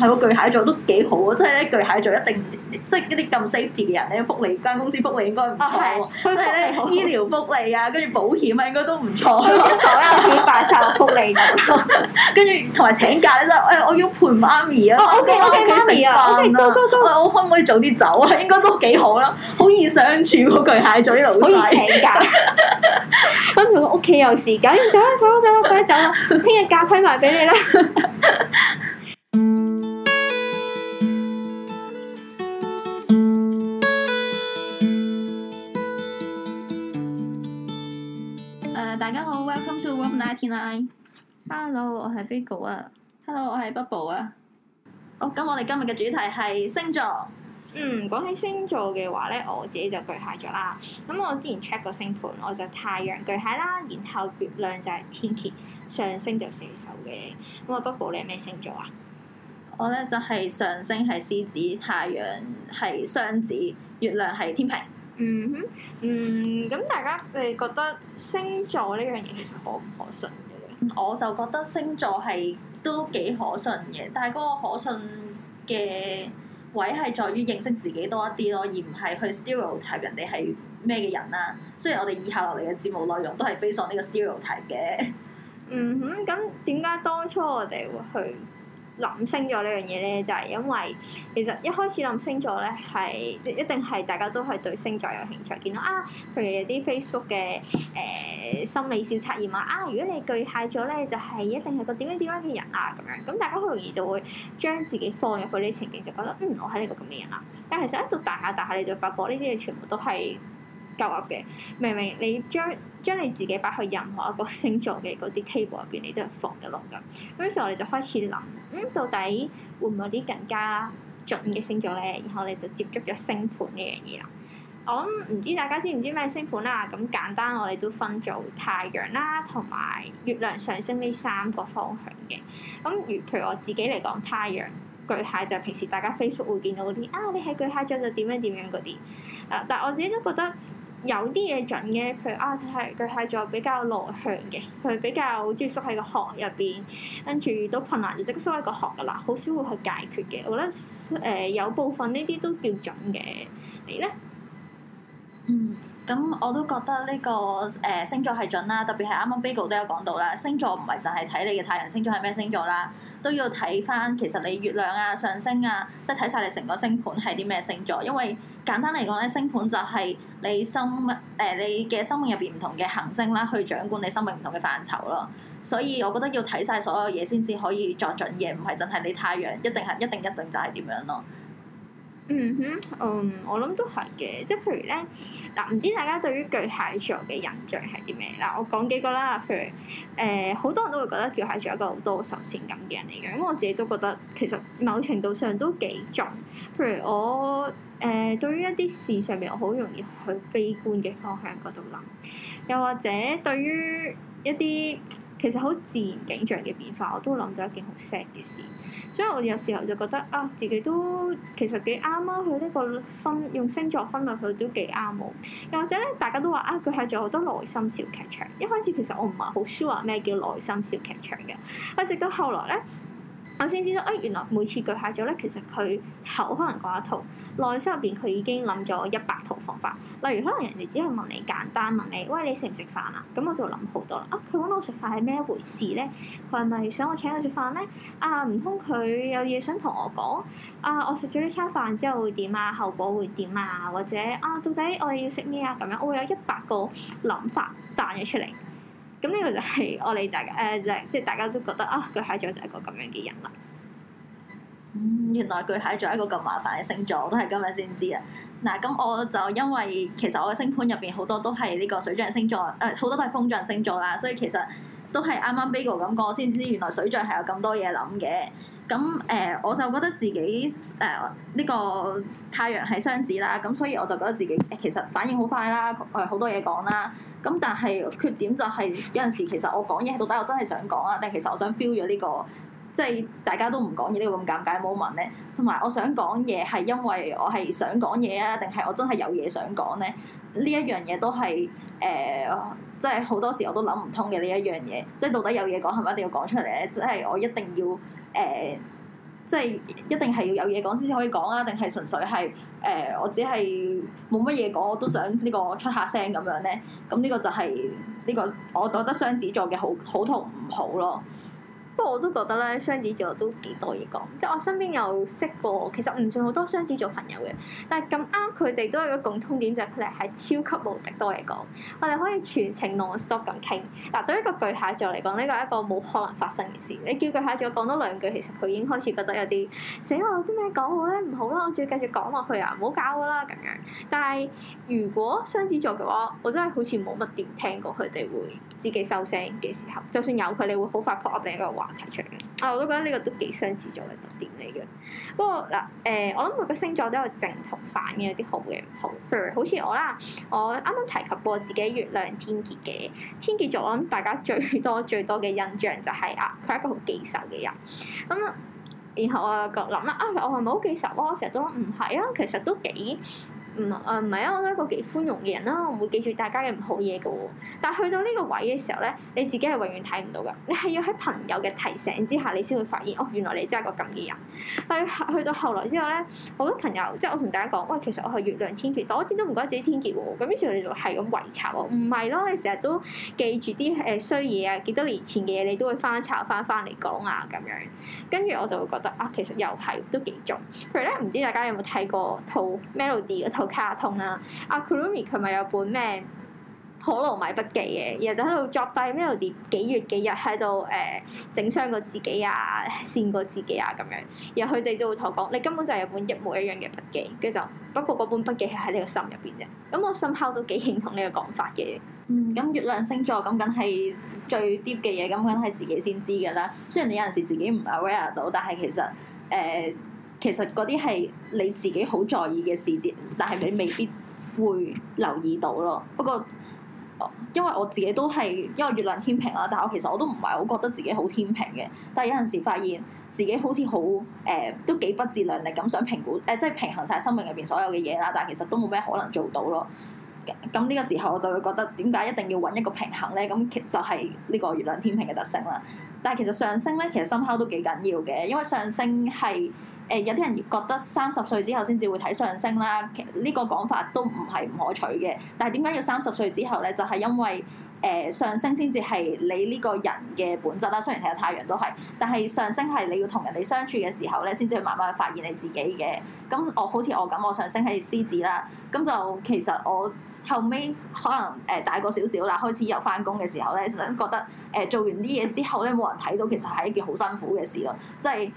係個巨蟹座都幾好啊！即係咧，巨蟹座一定，即係一啲咁 safety 嘅人咧，福利間公司福利應該唔錯，即係咧醫療福利啊，跟住保險啊，應該都唔錯。佢將所有錢擺晒落晒福利度，跟住同埋請假咧，誒，我要陪媽咪啊！哦，OK，OK，媽咪啊，OK，哥哥哥，我可唔可以早啲走啊？應該都幾好啦，好易相處個巨蟹座啲老細。可以請假。跟住我屋企有時間，走啦，走啦，走啦，快啲走啦！聽日假批埋俾你啦。Hello，我係 Bigo 啊，Hello，我係 Bubble 啊。好，咁我哋、oh, 今日嘅主題係星座。嗯，講起星座嘅話咧，我自己就巨蟹咗啦。咁我之前 check 過星盤，我就太陽巨蟹啦，然後月亮就係天蠍，上升就射手嘅。咁啊，Bubble 你係咩星座啊？我咧就係、是、上升係獅子，太陽係雙子，月亮係天平。嗯哼，嗯，咁大家你覺得星座呢樣嘢其實可唔可信嘅咧？我就覺得星座係都幾可信嘅，但係嗰個可信嘅位係在於認識自己多一啲咯，而唔係去 stereotype 人哋係咩嘅人啦。雖然我哋以下落嚟嘅節目內容都係 base on 呢個 stereotype 嘅。嗯哼，咁點解當初我哋會去？諗星座呢樣嘢咧，就係、是、因為其實一開始諗星座咧，係一定係大家都係對星座有興趣，見到啊，譬如有啲 Facebook 嘅誒、呃、心理小測驗啊，啊如果你巨蟹座咧，就係、是、一定係個點樣點樣嘅人啊咁樣，咁大家好容易就會將自己放入去啲情景，就覺得嗯我係呢個咁嘅人啦、啊，但係其實一到大下大下，你就發覺呢啲嘢全部都係。夾壓嘅，明明你將將你自己擺去任何一個星座嘅嗰啲 table 入邊，你都係放得落㗎。咁於是，我哋就開始諗，嗯，到底會唔會有啲更加準嘅星座咧？然後，我哋就接觸咗星盤呢樣嘢啦。我諗唔知大家知唔知咩星盤啊？咁簡單，我哋都分做太陽啦，同埋月亮、上升呢三個方向嘅。咁如譬如我自己嚟講，太陽巨蟹就係平時大家 Facebook 會見到啲啊，你喺巨蟹座就點樣點樣嗰啲啊。但係我自己都覺得。有啲嘢準嘅，譬如啊，佢係佢係做比較內向嘅，佢比較中意縮喺個殼入邊，跟住都困難就即刻縮喺個殼噶啦，好少會去解決嘅。我覺得誒、呃、有部分呢啲都叫準嘅，你咧？嗯，咁我都覺得呢、呢個誒、呃、星座係準啦，特別係啱啱 Biggle 都有講到啦，星座唔係就係睇你嘅太陽星座係咩星座啦，都要睇翻其實你月亮啊、上升啊，即係睇晒你成個星盤係啲咩星座，因為。簡單嚟講咧，星盤就係你生誒、呃、你嘅生命入邊唔同嘅行星啦，去掌管你生命唔同嘅範疇咯。所以，我覺得要睇晒所有嘢先至可以作準嘅，唔係真係你太陽一定係一定一定就係點樣咯。嗯哼，嗯，我諗都係嘅，即係譬如咧嗱，唔知大家對於巨蟹座嘅印象係啲咩？嗱，我講幾個啦，譬如誒，好、呃、多人都會覺得巨蟹座係一個好多愁善感嘅人嚟嘅，咁我自己都覺得其實某程度上都幾重。譬如我。誒、呃、對於一啲事上面，我好容易去悲觀嘅方向嗰度諗，又或者對於一啲其實好自然景象嘅變化，我都諗咗一件好 sad 嘅事，所以我有時候就覺得啊，自己都其實幾啱啊，佢呢個分用星座分類佢都幾啱喎。又或者咧，大家都話啊，佢係做好多內心小劇場。一開始其實我唔係好 sure 咩叫內心小劇場嘅，一直到後來咧。我先知道，哎，原來每次舉下咗咧，其實佢口可能講一套，內心入邊佢已經諗咗一百套方法。例如，可能人哋只係問你簡單，問你，喂，你食唔食飯啊？咁我就諗好多啦。啊，佢揾我食飯係咩回事咧？佢係咪想我請佢食飯咧？啊，唔通佢有嘢想同我講？啊，我食咗呢餐飯之後會點啊？後果會點啊？或者啊，到底我哋要食咩啊？咁樣，我會有一百個諗法彈咗出嚟。咁呢個就係我哋大家誒、呃，即係大家都覺得啊，巨蟹座就係一個咁樣嘅人啦。嗯，原來巨蟹座係一個咁麻煩嘅星座，我都係今日先知啊！嗱，咁我就因為其實我嘅星盤入邊好多都係呢個水象星座，誒、呃、好多都係風象星座啦，所以其實都係啱啱 Baggle 咁講，我先知原來水象係有咁多嘢諗嘅。咁誒、呃，我就覺得自己誒呢、呃呢個太陽係雙子啦。咁所以我就覺得自己、呃、其實反應好快啦，誒好多嘢講啦。咁但係缺點就係有陣時其實我講嘢係到底我真係想講啊，定係其實我想 feel 咗呢、呢個即係大家都唔講嘢呢個咁尷尬 moment 咧。同埋我想講嘢係因為我係想講嘢啊，定係我真係有嘢想講咧？呢一樣嘢都係誒、呃，即係好多時我都諗唔通嘅呢一樣嘢，即係到底有嘢講係咪一定要講出嚟咧？即係我一定要。誒、呃，即係一定係要有嘢講先至可以講啊，定係純粹係誒、呃，我只係冇乜嘢講，我都想呢個出下聲咁樣咧。咁呢個就係、是、呢、呢個，我覺得雙子座嘅好，好同唔好咯。不過我都覺得咧，雙子座都幾多嘢講。即係我身邊有識過，其實唔算好多雙子座朋友嘅。但係咁啱佢哋都有一個共通點，就係佢哋係超級無敵多嘢講。我哋可以全程 non stop 咁傾。嗱，對於一個巨蟹座嚟講，呢個係一個冇可能發生嘅事。你叫巨蟹座講多兩句，其實佢已經開始覺得有啲，死我有啲咩講好咧？唔好啦，我仲要繼續講落去啊！唔好搞我啦咁樣。但係如果雙子座嘅話，我真係好似冇乜點聽過佢哋會自己收聲嘅時候。就算有，佢哋會好快 pop up 另一個話。提出嘅。啊，我都覺得呢個都幾相似咗嘅特點嚟嘅。不過嗱，誒、呃，我諗每個星座都有正同反嘅，有啲好嘅，唔好。譬如好似我啦，我啱啱提及過自己月亮天蠍嘅天蠍座，我諗大家最多最多嘅印象就係啊，佢係一個好記仇嘅人。咁、嗯、然後啊，我諗啦，啊，我係咪好記仇？我成日都唔係啊，其實都幾～唔啊唔係啊，我係一個幾寬容嘅人啦、啊，我唔會記住大家嘅唔好嘢嘅喎。但係去到呢個位嘅時候咧，你自己係永遠睇唔到㗎。你係要喺朋友嘅提醒之下，你先會發現哦，原來你真係個咁嘅人。但去到後來之後咧，好多朋友即係我同大家講，喂，其實我係月亮天蠍，但我一啲都唔覺得自己天蠍喎、啊。咁於是你就係咁圍插我，唔係咯，你成日都記住啲誒衰嘢啊，幾多年前嘅嘢你都會翻炒翻翻嚟講啊咁樣。跟住我就會覺得啊，其實又係都幾重。譬如咧，唔知大家有冇睇過套 Melody 嗰套？卡通啦、啊，阿、啊、Kuromi 佢咪有本咩可羅米筆記嘅，然後就喺度作弊，Melody 幾月幾日喺度誒整傷過自己啊，扇過自己啊咁樣，然後佢哋就會同我講：你根本就係有一本一模一樣嘅筆記，跟住就不過嗰本筆記係喺你個心入邊嘅。咁我深刻都幾認同呢個講法嘅。嗯，咁月亮星座咁梗係最 deep 嘅嘢，咁梗係自己先知噶啦。雖然你有陣時自己唔 aware 到，但係其實誒。呃其實嗰啲係你自己好在意嘅事節，但係你未必會留意到咯。不過，因為我自己都係因為月亮天平啦，但係我其實我都唔係好覺得自己好天平嘅。但係有陣時發現自己好似好誒，都幾不自量力咁想評估誒，即、呃、係、就是、平衡晒生命入邊所有嘅嘢啦。但係其實都冇咩可能做到咯。咁呢個時候我就會覺得點解一定要揾一個平衡咧？咁其實係呢個月亮天平嘅特性啦。但係其實上升咧，其實深刻都幾緊要嘅，因為上升係誒、呃、有啲人覺得三十歲之後先至會睇上升啦，其實呢個講法都唔係唔可取嘅。但係點解要三十歲之後咧？就係、是、因為誒、呃、上升先至係你呢個人嘅本質啦。雖然睇下太陽都係，但係上升係你要同人哋相處嘅時候咧，先至會慢慢去發現你自己嘅。咁我好似我咁，我上升係獅子啦，咁就其實我。後尾可能誒大個少少啦，開始又翻工嘅時候咧，覺得誒做完啲嘢之後咧，冇人睇到，其實係一件好辛苦嘅事咯。即係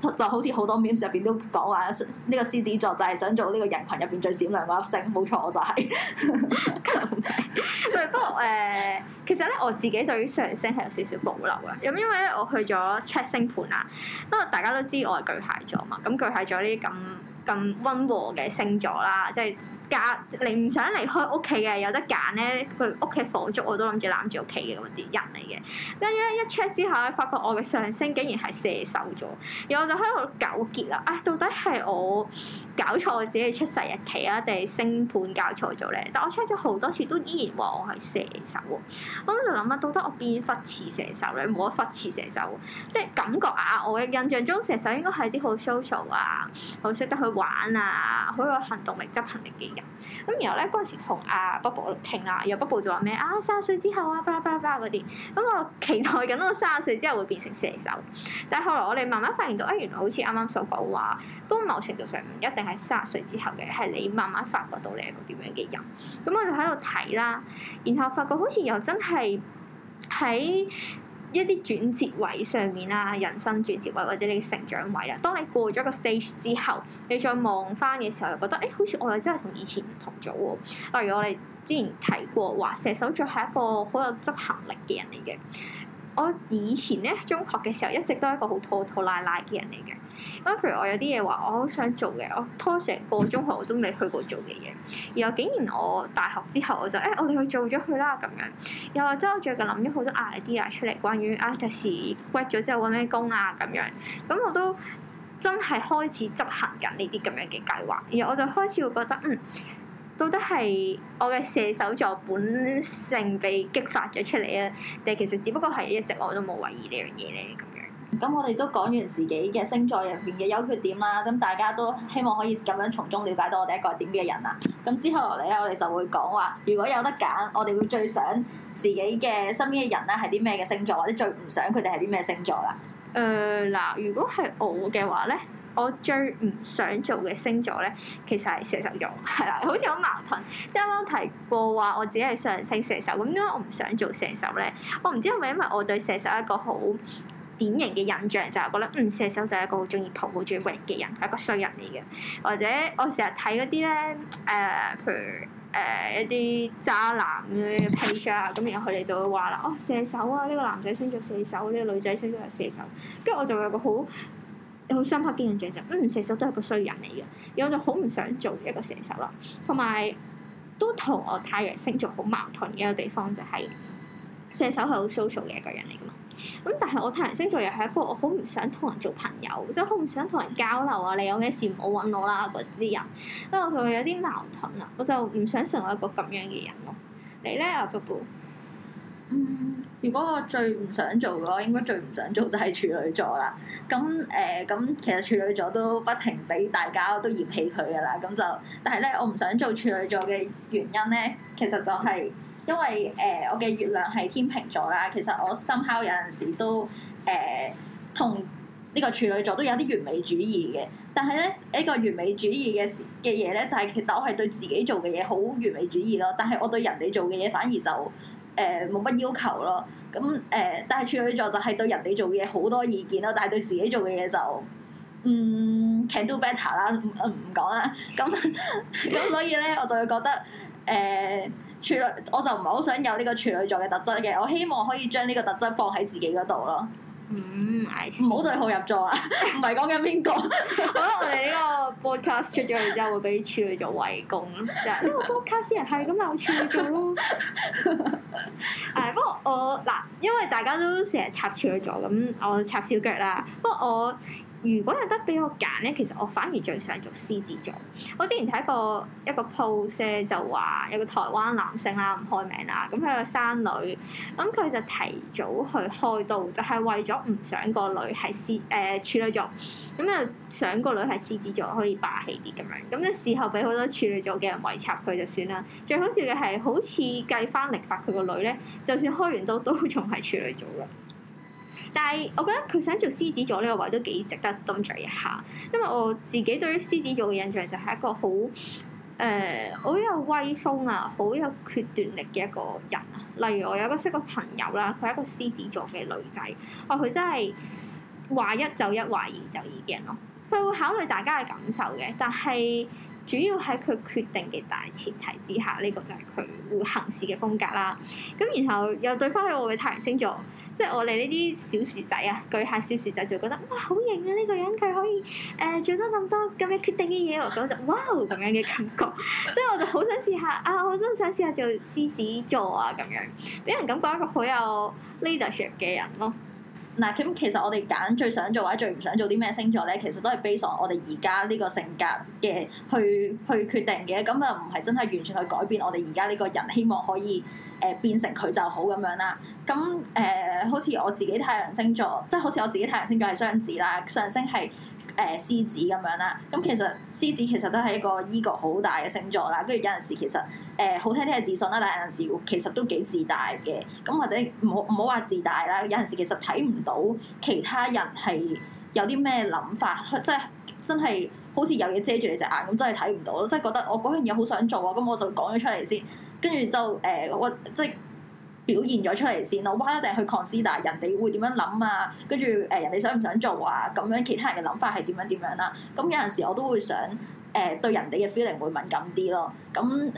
誒，就好似好多面入邊都講話，呢個獅子座就係想做呢個人群入邊最閃亮嗰粒星，冇錯，我就係。唔係，不過誒，其實咧我自己對於上升係有少少保留嘅。咁因為咧，我去咗 check 星盤啦，因為大家都知我係巨蟹座嘛，咁巨蟹座呢啲咁咁溫和嘅星座啦，即係。隔嚟唔想離開屋企嘅有得揀咧，佢屋企火燭我都諗住攬住屋企嘅嗰啲人嚟嘅。跟住咧一 check 之後咧，發覺我嘅上升竟然係射手座，然後我就喺度糾結啦。唉、哎，到底係我搞錯我自己出世日期啊，定係星盤搞錯咗咧？但我 check 咗好多次都依然話我係射手喎。我喺度諗到底我邊忽似射手咧，冇得忽似射手。即係感覺啊，我嘅印象中射手應該係啲好 social 啊，好識得去玩啊，好有行動力、執行力嘅。咁然後咧嗰陣時同阿 Bubble 傾啦，然後 Bubble 就話咩啊？三十歲之後啊，巴啦巴啦嗰啲。咁我期待緊，我三十歲之後會變成射手。但係後來我哋慢慢發現到，誒原來好似啱啱所講話，都某程度上唔一定係三十歲之後嘅，係你慢慢發覺到你係一個點樣嘅人。咁我就喺度睇啦，然後，然後發覺好似又真係喺。一啲轉折位上面啦，人生轉折位或者你成長位啊，當你過咗一個 stage 之後，你再望翻嘅時候，又覺得，誒、欸，好似我又真係同以前唔同咗喎。例如我哋之前提過話，射手座係一個好有執行力嘅人嚟嘅。我以前咧，中學嘅時候一直都係一個好拖拖拉拉嘅人嚟嘅。咁譬如我有啲嘢話，我好想做嘅，我拖成個中學我都未去過做嘅嘢，然後竟然我大學之後我就，誒、欸，我哋去做咗佢啦咁樣。又或者我最近諗咗好多 idea 出嚟，關於啊第時骨折咗之後揾咩工啊咁樣，咁我都真係開始執行緊呢啲咁樣嘅計劃。然後我就開始會覺得，嗯，到底係我嘅射手座本性被激發咗出嚟啊？定係其實只不過係一直我都冇懷疑呢樣嘢咧？咁我哋都講完自己嘅星座入邊嘅優缺點啦。咁大家都希望可以咁樣從中了解到我哋一個點嘅人啦。咁之後落嚟咧，我哋就會講話，如果有得揀，我哋會最想自己嘅身邊嘅人咧係啲咩嘅星座，或者最唔想佢哋係啲咩星座啦。誒嗱、呃呃，如果係我嘅話咧，我最唔想做嘅星座咧，其實係射手座，係啦，好似好矛盾。即係啱啱提過話我自己係上升射手，咁點解我唔想做射手咧？我唔知係咪因為我對射手一個好典型嘅印象就係覺得，嗯，射手就係一個好中意抱、好中意搵嘅人，係一個衰人嚟嘅。或者我成日睇嗰啲咧，誒、呃，譬如誒、呃、一啲渣男嘅 page 啊，咁然後佢哋就會話啦，哦，射手啊，呢、這個男仔生做射手，呢、這個女仔生做係射手，跟住我就有個好有深刻嘅印象就係，嗯，射手都係個衰人嚟嘅，然後我就好唔想做一個射手啦。同埋都同我太陽星座好矛盾嘅一個地方就係、是，射手係好 social 嘅一個人嚟嘅。咁但係我太陽星座又係一個我好唔想同人做朋友，即係好唔想同人交流啊，你有咩事唔好搵我啦，嗰啲人，所以我就會有啲矛盾啊，我就唔想成為一個咁樣嘅人咯。你咧阿福，嗯，啊，這個、如果我最唔想做嘅話，我應該最唔想做就係處女座啦。咁誒、咁、呃、其實處女座都不停俾大家都嫌棄佢噶啦。咁就、但係咧，我唔想做處女座嘅原因咧，其實就係、是。因為誒、呃，我嘅月亮係天秤座啦，其實我心口有陣時都誒同呢個處女座都有啲完美主義嘅。但係咧，呢、這個完美主義嘅嘅嘢咧，就係、是、其實我係對自己做嘅嘢好完美主義咯。但係我對人哋做嘅嘢反而就誒冇乜要求咯。咁誒、呃，但係處女座就係對人哋做嘅嘢好多意見咯。但係對自己做嘅嘢就嗯 can do better 啦，唔唔講啦。咁咁 所以咧，我就會覺得誒。呃處女，我就唔係好想有呢個處女座嘅特質嘅，我希望可以將呢個特質放喺自己嗰度咯。唔、嗯，唔好對號入座啊！唔係講緊邊個？ 好啦，我哋呢個 podcast 出咗嚟之後會俾處女座圍攻咯。因為 podcast 人係咁有處女座咯。誒， uh, 不過我嗱，因為大家都成日插處女座咁，我插小腳啦。不過我。如果有得俾我揀咧，其實我反而最想做獅子座。我之前睇過一個 post，就話有個台灣男性啦，唔開名啦，咁佢有生女，咁佢就提早去開刀，就係、是、為咗唔想個女係獅，誒、呃、處女座，咁又想個女係獅子座可以霸氣啲咁樣，咁就事後俾好多處女座嘅人圍插佢就算啦。最好笑嘅係好似計翻曆法，佢個女咧，就算開完刀都仲係處女座㗎。但係，我覺得佢想做獅子座呢個位都幾值得斟酌一下，因為我自己對於獅子座嘅印象就係一個好誒好有威風啊、好有決斷力嘅一個人啊。例如我有一個識個朋友啦，佢係一個獅子座嘅女仔，話佢真係話一就一，話二就二嘅人咯。佢會考慮大家嘅感受嘅，但係主要喺佢決定嘅大前提之下，呢個就係佢會行事嘅風格啦。咁然後又對翻去，我嘅太陽星座。即係我哋呢啲小薯仔啊，巨蟹小薯仔就覺得哇好型啊！呢個人佢可以誒、呃、做多咁多咁嘅決定嘅嘢，我覺得哇咁樣嘅感覺，所以我就好想試下啊，我都想試下做獅子座啊咁樣，俾人感覺一個好有 leadership 嘅人咯。嗱，咁其實我哋揀最想做或者最唔想做啲咩星座咧，其實都係 base on 我哋而家呢個性格嘅去去決定嘅，咁啊唔係真係完全去改變我哋而家呢個人，希望可以。誒變成佢就好咁樣啦，咁誒、呃、好似我自己太陽星座，即係好似我自己太陽星座係雙子啦，上升係誒獅子咁樣啦。咁其實獅子其實都係一個 ego 好大嘅星座啦，跟住有陣時其實誒、呃、好聽啲係自信啦，但係有陣時其實都幾自大嘅。咁或者唔好唔好話自大啦，有陣時其實睇唔到其他人係有啲咩諗法，即係真係好似有嘢遮住你隻眼咁，真係睇唔到咯，即係覺得我嗰樣嘢好想做啊，咁我就講咗出嚟先。跟住就誒、呃，我即係表現咗出嚟先咯。我一定去 consider 人哋會點樣諗啊，跟住誒人哋想唔想做啊，咁樣其他人嘅諗法係點樣點樣啦、啊。咁、嗯、有陣時我都會想誒、呃、對人哋嘅 feeling 會敏感啲咯。咁、嗯。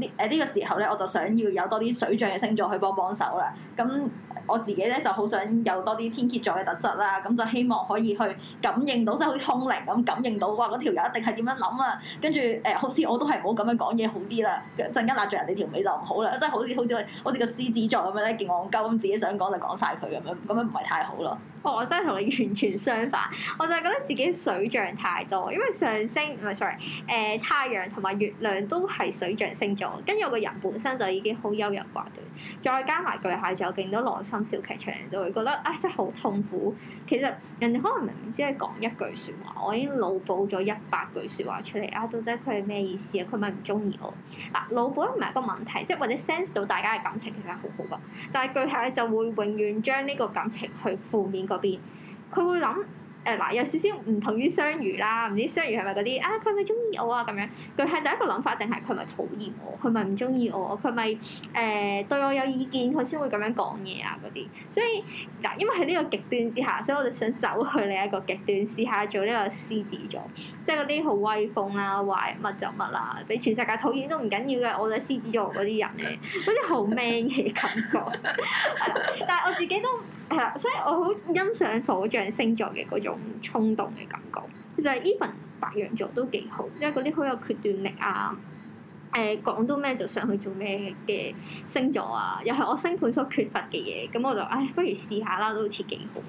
呢誒呢個時候咧，我就想要有多啲水象嘅星座去幫幫手啦。咁我自己咧就好想有多啲天蠍座嘅特質啦。咁就希望可以去感應到，即係好似通靈咁感應到，哇！嗰條友一定係點樣諗啦。跟住誒，好似我都係冇咁樣講嘢好啲啦。陣間拉住人哋條尾就唔好啦，即係好似好似個獅子座咁樣咧，勁戇鳩咁，自己想講就講晒佢咁樣，咁樣唔係太好咯。Oh, 我真係同你完全相反，我就係覺得自己水象太多，因為上升唔係 sorry，誒、呃、太陽同埋月亮都係水象星座，跟住我個人本身就已經好優柔寡斷，再加埋巨蟹就有勁多內心小劇場，都會覺得啊真係好痛苦。其實人哋可能明明只係講一句説話，我已經腦補咗一百句説話出嚟啊！到底佢係咩意思不不啊？佢咪唔中意我？嗱，腦補唔係個問題，即係或者 sense 到大家嘅感情其實係好好噶，但係巨蟹就會永遠將呢個感情去負面嗰邊，佢會諗誒嗱，有少少唔同於雙魚啦，唔知雙魚係咪嗰啲啊？佢咪中意我啊？咁樣佢係第一個諗法，定係佢咪討厭我？佢咪唔中意我？佢咪誒對我有意見，佢先會咁樣講嘢啊嗰啲。所以嗱，因為喺呢個極端之下，所以我哋想走去另一個極端，試下做呢個獅子座，即係嗰啲好威風啦、啊，壞乜、啊、就乜啦、啊，俾全世界討厭都唔緊要嘅。我哋獅子座嗰啲人咧，好似好 man 嘅感覺， 但係我自己都。係啊，所以我好欣賞火象星座嘅嗰種衝動嘅感覺。其實係 even 白羊座都幾好，即係嗰啲好有決斷力啊，誒講到咩就上去做咩嘅星座啊，又係我星盤所缺乏嘅嘢，咁我就唉，不如試下啦，都好似幾好。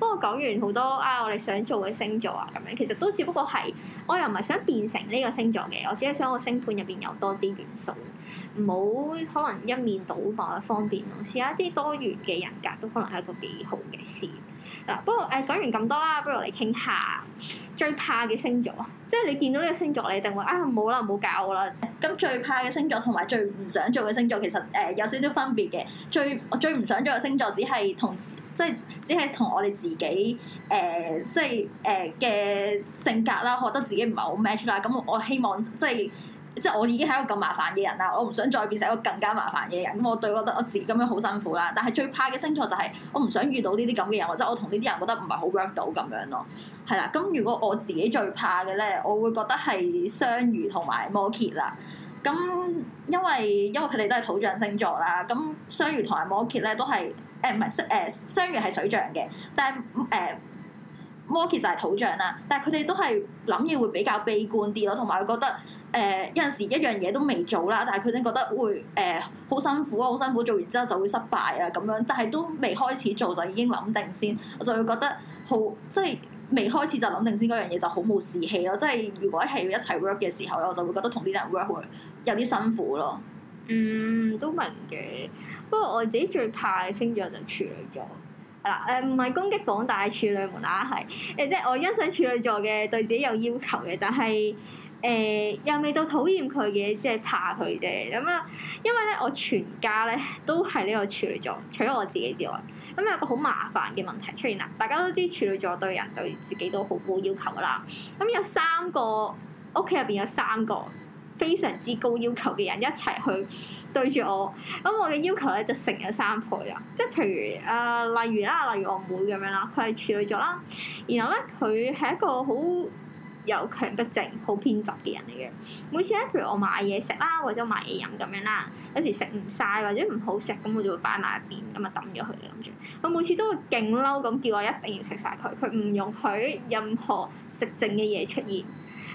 不過講完好多啊，我哋想做嘅星座啊，咁樣其實都只不過係，我又唔係想變成呢個星座嘅，我只係想我星盤入邊有多啲元素，唔好可能一面倒某一方面咯，試一啲多元嘅人格都可能係一個幾好嘅事。嗱，不過誒、啊、講完咁多啦，不如我哋傾下最怕嘅星座，即係你見到呢個星座你一定會啊冇啦冇搞我啦。咁最怕嘅星座同埋最唔想做嘅星座其實誒、呃、有少少分別嘅，最我最唔想做嘅星座只係同時。即係只係同我哋自己誒、呃，即係誒嘅性格啦，覺得自己唔係好 match 啦。咁我希望即係即係我已經係一個咁麻煩嘅人啦，我唔想再變成一個更加麻煩嘅人。咁我對覺得我自己咁樣好辛苦啦。但係最怕嘅星座就係我唔想遇到呢啲咁嘅人，或者我同呢啲人覺得唔係好 work 到咁樣咯。係啦，咁如果我自己最怕嘅咧，我會覺得係雙魚同埋摩羯啦。咁因為因為佢哋都係土象星座啦，咁雙魚同埋摩羯咧都係。誒唔係商誒雙魚係水象嘅，但係誒、呃、摩羯就係土象啦。但係佢哋都係諗嘢會比較悲觀啲咯，同埋佢覺得誒、呃、有陣時一樣嘢都未做啦，但係佢已經覺得會誒好辛苦啊，好、呃、辛苦，辛苦做完之後就會失敗啊咁樣。但係都未開始做就已經諗定先，我就會覺得好即係未開始就諗定先嗰樣嘢就好冇士氣咯。即、就、係、是、如果係要一齊 work 嘅時候，我就會覺得同呢啲人 work 會有啲辛苦咯。嗯，都明嘅。不過我自己最怕嘅星座就係處女座，係啦，誒唔係攻擊廣大處女們啦，係誒即係我欣賞處女座嘅，對自己有要求嘅，但係誒、呃、又未到討厭佢嘅，即係怕佢啫。咁、嗯、啊，因為咧我全家咧都係呢個處女座，除咗我自己之外，咁、嗯、有個好麻煩嘅問題出現啦。大家都知處女座對人對自己都好高要求噶啦，咁、嗯、有三個屋企入邊有三個。非常之高要求嘅人一齊去對住我，咁我嘅要求咧就成咗三倍啦。即係譬如啊、呃，例如啦，例如我妹咁樣啦，佢係處女座啦，然後咧佢係一個好有強迫症、好偏執嘅人嚟嘅。每次咧，譬如我買嘢食啦，或者買嘢飲咁樣啦，有時食唔晒或者唔好食，咁我就會擺埋一邊，咁啊抌咗佢，諗住。佢每次都會勁嬲咁叫我一定要食晒佢，佢唔容許任何食剩嘅嘢出現。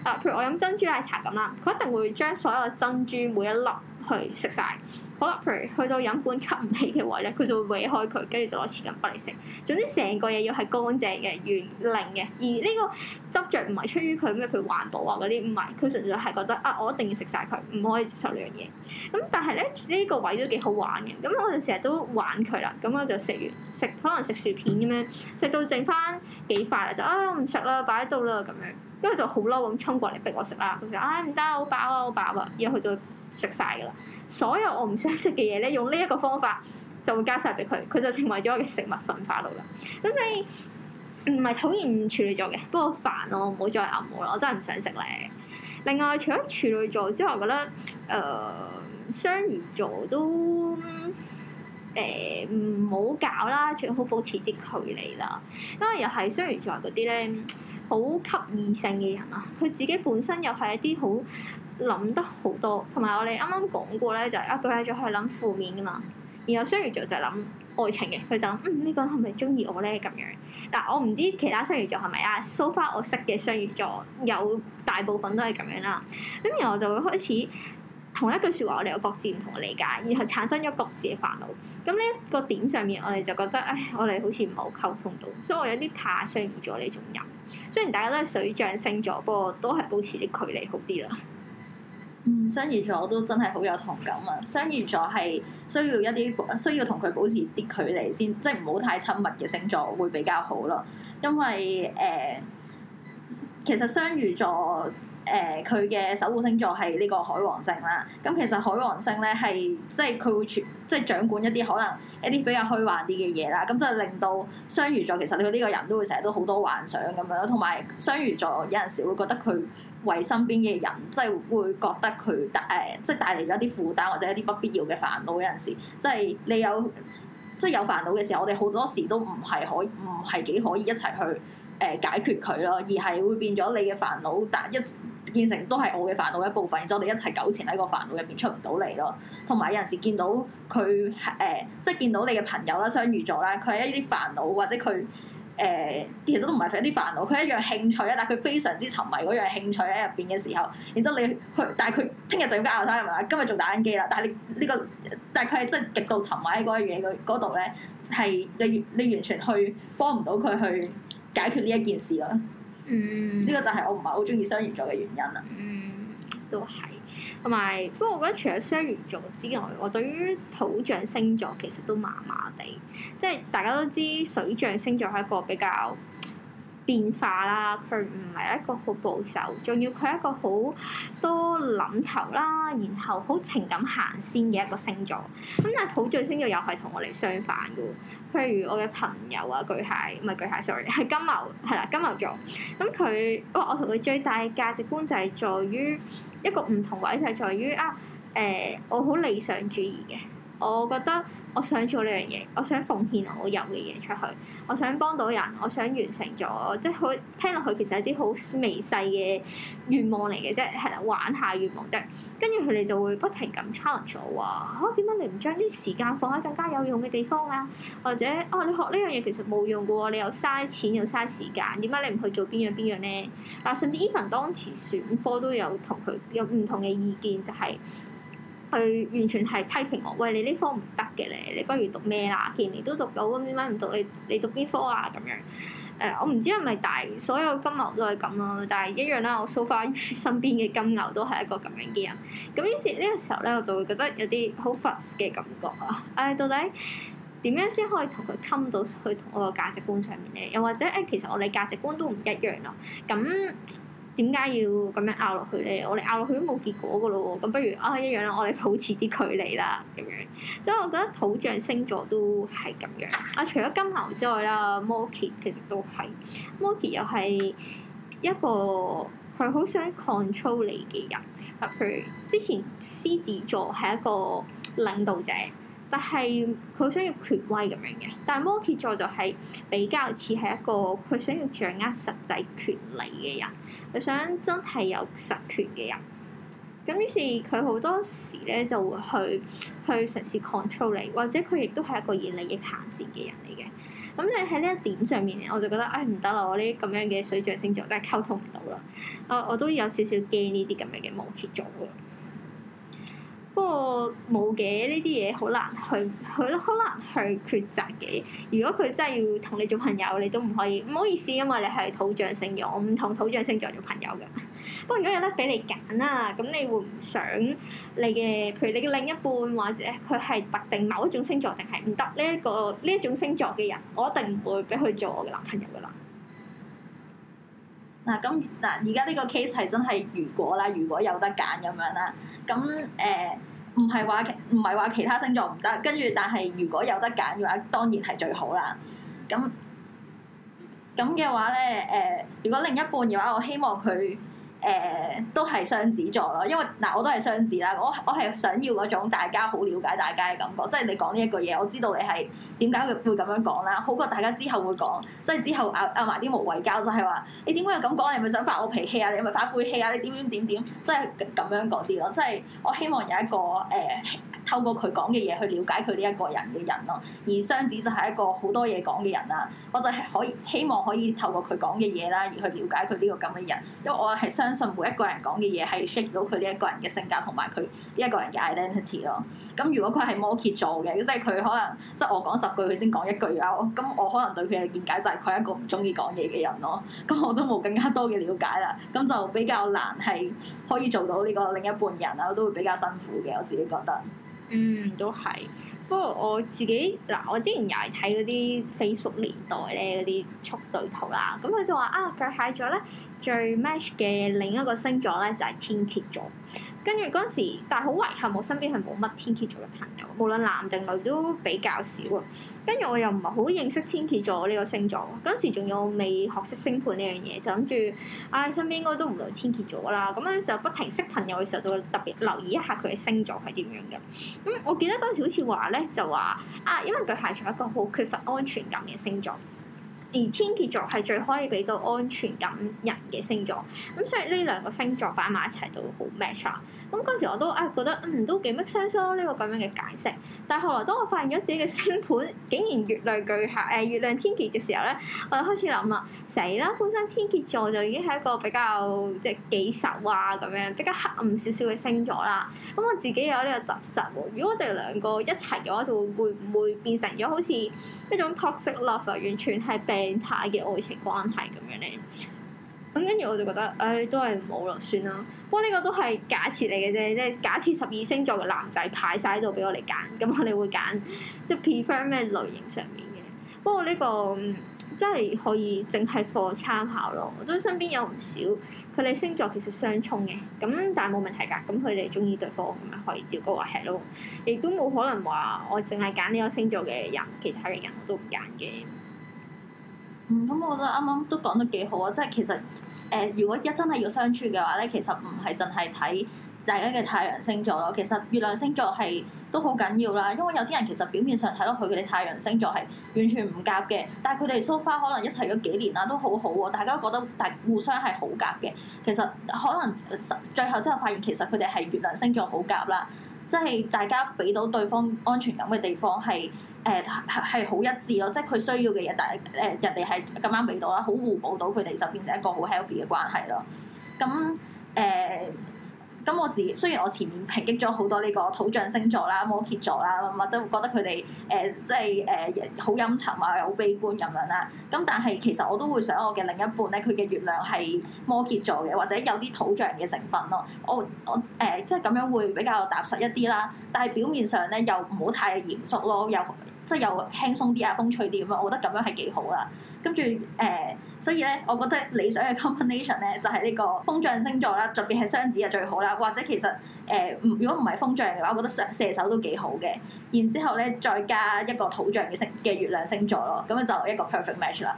啊！譬如我飲珍珠奶茶咁啦，佢一定會將所有珍珠每一粒去食晒。可能佢去到飲管吸唔起嘅位咧，佢就會搲開佢，跟住就攞匙羹逼嚟食。總之成個嘢要係乾淨嘅、原靈嘅。而呢個執着唔係出於佢咩？佢環保啊嗰啲唔係，佢純粹係覺得啊，我一定要食晒佢，唔可以接受呢樣嘢。咁但係咧，呢個位都幾好玩嘅。咁我哋成日都玩佢啦。咁我就食完食，可能食薯片咁、啊、樣，食到剩翻幾塊啦，就啊唔食啦，擺喺度啦咁樣。跟住就好嬲咁衝過嚟逼我食啦。佢就啊唔得，我飽啊，我飽、啊、飽啊，然後佢就。食晒㗎啦！所有我唔想食嘅嘢咧，用呢一個方法就會加晒俾佢，佢就成為咗我嘅食物焚化爐啦。咁所以唔係討厭處女座嘅，不過煩咯，唔好再牛我啦，我真係唔想食你。另外，除咗處女座之外，我覺得誒、呃、雙魚座都誒唔、呃、好搞啦，最好保持啲距離啦。因為又係雙魚座嗰啲咧，好吸引性嘅人啊，佢自己本身又係一啲好。諗得好多，同埋我哋啱啱講過咧，就是、一句一句去諗負面嘅嘛。然後雙魚座就諗愛情嘅，佢就諗嗯、這個、是是呢個係咪中意我咧咁樣。嗱，我唔知其他雙魚座係咪啊？so far 我識嘅雙魚座有大部分都係咁樣啦。咁然後我就會開始同一句説話，我哋有各自唔同嘅理解，然後產生咗各自嘅煩惱。咁、那、呢個點上面，我哋就覺得唉，我哋好似唔係好溝通到，所以我有啲怕雙魚座呢種人。雖然大家都係水象星座，不過都係保持啲距離好啲啦。嗯，雙魚座都真係好有同感啊！雙魚座係需要一啲需要同佢保持啲距離先，即係唔好太親密嘅星座會比較好咯。因為誒、呃，其實雙魚座誒佢嘅守護星座係呢個海王星啦。咁其實海王星咧係即係佢會即係掌管一啲可能一啲比較虛幻啲嘅嘢啦。咁就令到雙魚座其實佢呢個人都會成日都好多幻想咁樣，同埋雙魚座有陣時會覺得佢。為身邊嘅人，即、就、係、是、會覺得佢誒，即、呃、係、就是、帶嚟咗一啲負擔，或者一啲不必要嘅煩惱。有陣時，即、就、係、是、你有即係、就是、有煩惱嘅時候，我哋好多時都唔係可唔係幾可以一齊去誒、呃、解決佢咯，而係會變咗你嘅煩惱，但一變成都係我嘅煩惱一部分。然之後，我哋一齊糾纏喺個煩惱入邊出唔到嚟咯。同埋有陣時見到佢誒，即、呃、係、就是、見到你嘅朋友啦，相遇咗啦，佢係一啲煩惱或者佢。誒、呃，其實都唔係佢一啲煩惱，佢一樣興趣啊！但係佢非常之沉迷嗰樣興趣喺入邊嘅時候，然之後你去，但係佢聽日就要加下山係咪啊？今日仲打緊機啦，但係你呢、這個，但係佢係真係極度沉迷喺嗰樣嘢嗰度咧，係你你完全去幫唔到佢去解決呢一件事咯。嗯，呢個就係我唔係好中意雙魚座嘅原因啦。嗯，都係。同埋，不過我覺得除咗雙魚座之外，我對於土象星座其實都麻麻地，即係大家都知水象星座係一個比較，變化啦，佢唔係一個好保守，仲要佢係一個好多諗頭啦，然後好情感行先嘅一個星座。咁但係土象星座又係同我哋相反嘅。譬如我嘅朋友啊，巨蟹唔係巨蟹，sorry，係金牛，係啦，金牛座。咁佢，我同佢最大嘅價值觀就係在於一個唔同位就係在於啊，誒、呃，我好理想主義嘅，我覺得。我想做呢樣嘢，我想奉獻我有嘅嘢出去，我想幫到人，我想完成咗，即係佢聽落去其實係啲好微細嘅願望嚟嘅啫，係啦，玩下願望啫。跟住佢哋就會不停咁 challenge 我話：嚇點解你唔將啲時間放喺更加有用嘅地方啊？或者哦，你學呢樣嘢其實冇用嘅喎，你又嘥錢又嘥時間，點解你唔去做邊樣邊樣咧？嗱，甚至 even 當時選科都有同佢有唔同嘅意見，就係。佢完全係批評我，喂，你呢科唔得嘅咧，你不如讀咩啦？見你都讀到，咁點解唔讀你？你讀邊科啊？咁樣，誒、呃，我唔知係咪大所有金牛都係咁咯，但係一樣啦，我 so far 身邊嘅金牛都係一個咁樣嘅人。咁於是呢個時候咧，我就會覺得有啲好 f 嘅感覺啊！誒，到底點樣先可以同佢冚到去同我個價值觀上面咧？又或者誒、呃，其實我哋價值觀都唔一樣咯。咁點解要咁樣拗落去咧？我哋拗落去都冇結果噶咯喎，咁不如啊一樣啦，我哋保持啲距離啦咁樣。所以我覺得土象星座都係咁樣。啊，除咗金牛之外啦，摩羯其實都係，摩羯又係一個佢好想 control 你嘅人。譬如之前獅子座係一個領導者。但係佢好想要權威咁樣嘅，但係摩羯座就係比較似係一個佢想要掌握實際權利嘅人，佢想真係有實權嘅人。咁於是佢好多時咧就會去去嘗試 control 你，或者佢亦都係一個以利益行善嘅人嚟嘅。咁你喺呢一點上面，我就覺得，唉唔得啦，我呢啲咁樣嘅水象星座真係溝通唔到啦。我我都有少少驚呢啲咁樣嘅摩羯座。不過冇嘅，呢啲嘢好難去去咯，好難去抉擇嘅。如果佢真係要同你做朋友，你都唔可以，唔好意思，因為你係土象星座，我唔同土象星座做朋友㗎。不 過如果有得俾你揀喇，咁你會唔想你嘅，譬如你嘅另一半或者佢係特定某一種星座定係唔得呢一個呢一種星座嘅人，我一定唔會俾佢做我嘅男朋友噶啦。嗱咁嗱，而家呢個 case 係真係如果啦，如果有得揀咁樣啦，咁誒唔係話唔係話其他星座唔得，跟住但係如果有得揀嘅話，當然係最好啦。咁咁嘅話咧，誒、呃、如果另一半嘅話，我希望佢，誒都係雙子座咯，因為嗱我都係雙子啦，我我係想要嗰種大家好了解大家嘅感覺，即係你講呢一句嘢，我知道你係點解會會咁樣講啦，好過大家之後會講，即係之後拗拗埋啲無謂交，就係話你點解要咁講？你係咪想發我脾氣啊？你係咪發晦氣啊？你點點點點，即係咁樣講啲咯，即係我希望有一個誒透過佢講嘅嘢去了解佢呢一個人嘅人咯，而雙子就係一個好多嘢講嘅人啊。我就係可以希望可以透過佢講嘅嘢啦，而去了解佢呢個咁嘅人。因為我係相信每一個人講嘅嘢係識到佢呢一個人嘅性格同埋佢呢一個人嘅 identity 咯。咁如果佢係摩羯座嘅，即係佢可能即係我講十句佢先講一句啊。咁我可能對佢嘅見解就係佢係一個唔中意講嘢嘅人咯。咁我都冇更加多嘅了解啦。咁就比較難係可以做到呢個另一半人啦，我都會比較辛苦嘅。我自己覺得。嗯，都係。不過我自己嗱，我之前又係睇嗰啲 Facebook 年代咧嗰啲速對圖啦，咁佢就話啊，巨蟹座咧最 match 嘅另一個星座咧就係、是、天蠍座。跟住嗰時，但係好遺憾，我身邊係冇乜天蠍座嘅朋友，無論男定女都比較少啊。跟住我又唔係好認識天蠍座呢個星座，嗰時仲有未學識星盤呢樣嘢，就諗住唉，身邊應該都唔會天蠍座啦。咁樣就不停識朋友嘅時候，就會特別留意一下佢嘅星座係點樣嘅。咁、嗯、我記得當時好似話咧，就話啊，因為巨蟹座係一個好缺乏安全感嘅星座，而天蠍座係最可以俾到安全感人嘅星座，咁所以呢兩個星座擺埋一齊都好 match。咁嗰時我都啊，覺得嗯，都幾乜相疏呢個咁樣嘅解釋，但係後來當我發現咗自己嘅星盤竟然月亮巨蟹，誒月亮天蠍嘅時候咧，我就開始諗啦，死啦！本身天蠍座就已經係一個比較即係，幾愁啊，咁樣比較黑暗少少嘅星座啦，咁我自己有呢個特質，如果我哋兩個一齊嘅話，就會唔會變成咗好似一種 toxic love 啊，完全係病態嘅愛情關係咁樣咧？咁跟住我就覺得，唉、哎，都係冇咯，算啦。不過呢個都係假設嚟嘅啫，即係假設十二星座嘅男仔派晒喺度俾我嚟揀，咁我哋會揀即係、就是、prefer 咩類型上面嘅。不過呢、這個、嗯、真係可以淨係做參考咯。我都身邊有唔少佢哋星座其實相沖嘅，咁但係冇問題㗎。咁佢哋中意對方咁啊，咪可以照嗰個吃咯。亦都冇可能話我淨係揀呢個星座嘅人，其他嘅人我都唔揀嘅。咁、嗯、我覺得啱啱都講得幾好啊！即係其實。誒，如果一真係要相處嘅話咧，其實唔係淨係睇大家嘅太陽星座咯，其實月亮星座係都好緊要啦。因為有啲人其實表面上睇到佢哋太陽星座係完全唔夾嘅，但係佢哋 so far 可能一齊咗幾年啦，都好好喎，大家都覺得大互相係好夾嘅。其實可能最後真係發現，其實佢哋係月亮星座好夾啦，即係大家俾到對方安全感嘅地方係。誒係好一致咯，即係佢需要嘅嘢，但係誒人哋係咁啱俾到啦，好互補到佢哋就變成一個好 healthy 嘅關係咯。咁誒咁我自己雖然我前面抨擊咗好多呢個土象星座啦、摩羯座啦，乜都覺得佢哋誒即係誒好陰沉啊、好悲觀咁樣啦。咁但係其實我都會想我嘅另一半咧，佢嘅月亮係摩羯座嘅，或者有啲土象嘅成分咯、哦。我我誒即係咁樣會比較踏實一啲啦。但係表面上咧又唔好太嚴肅咯，又～又又又又又又即係又輕鬆啲啊，風趣啲咁啊，我覺得咁樣係幾好啦。跟住誒，所以咧，我覺得理想嘅 combination 咧，就係呢個風象星座啦，特別係雙子啊最好啦，或者其實誒、呃，如果唔係風象嘅話，我覺得射射手都幾好嘅。然之後咧，再加一個土象嘅星嘅月亮星座咯，咁樣就一個 perfect match 啦。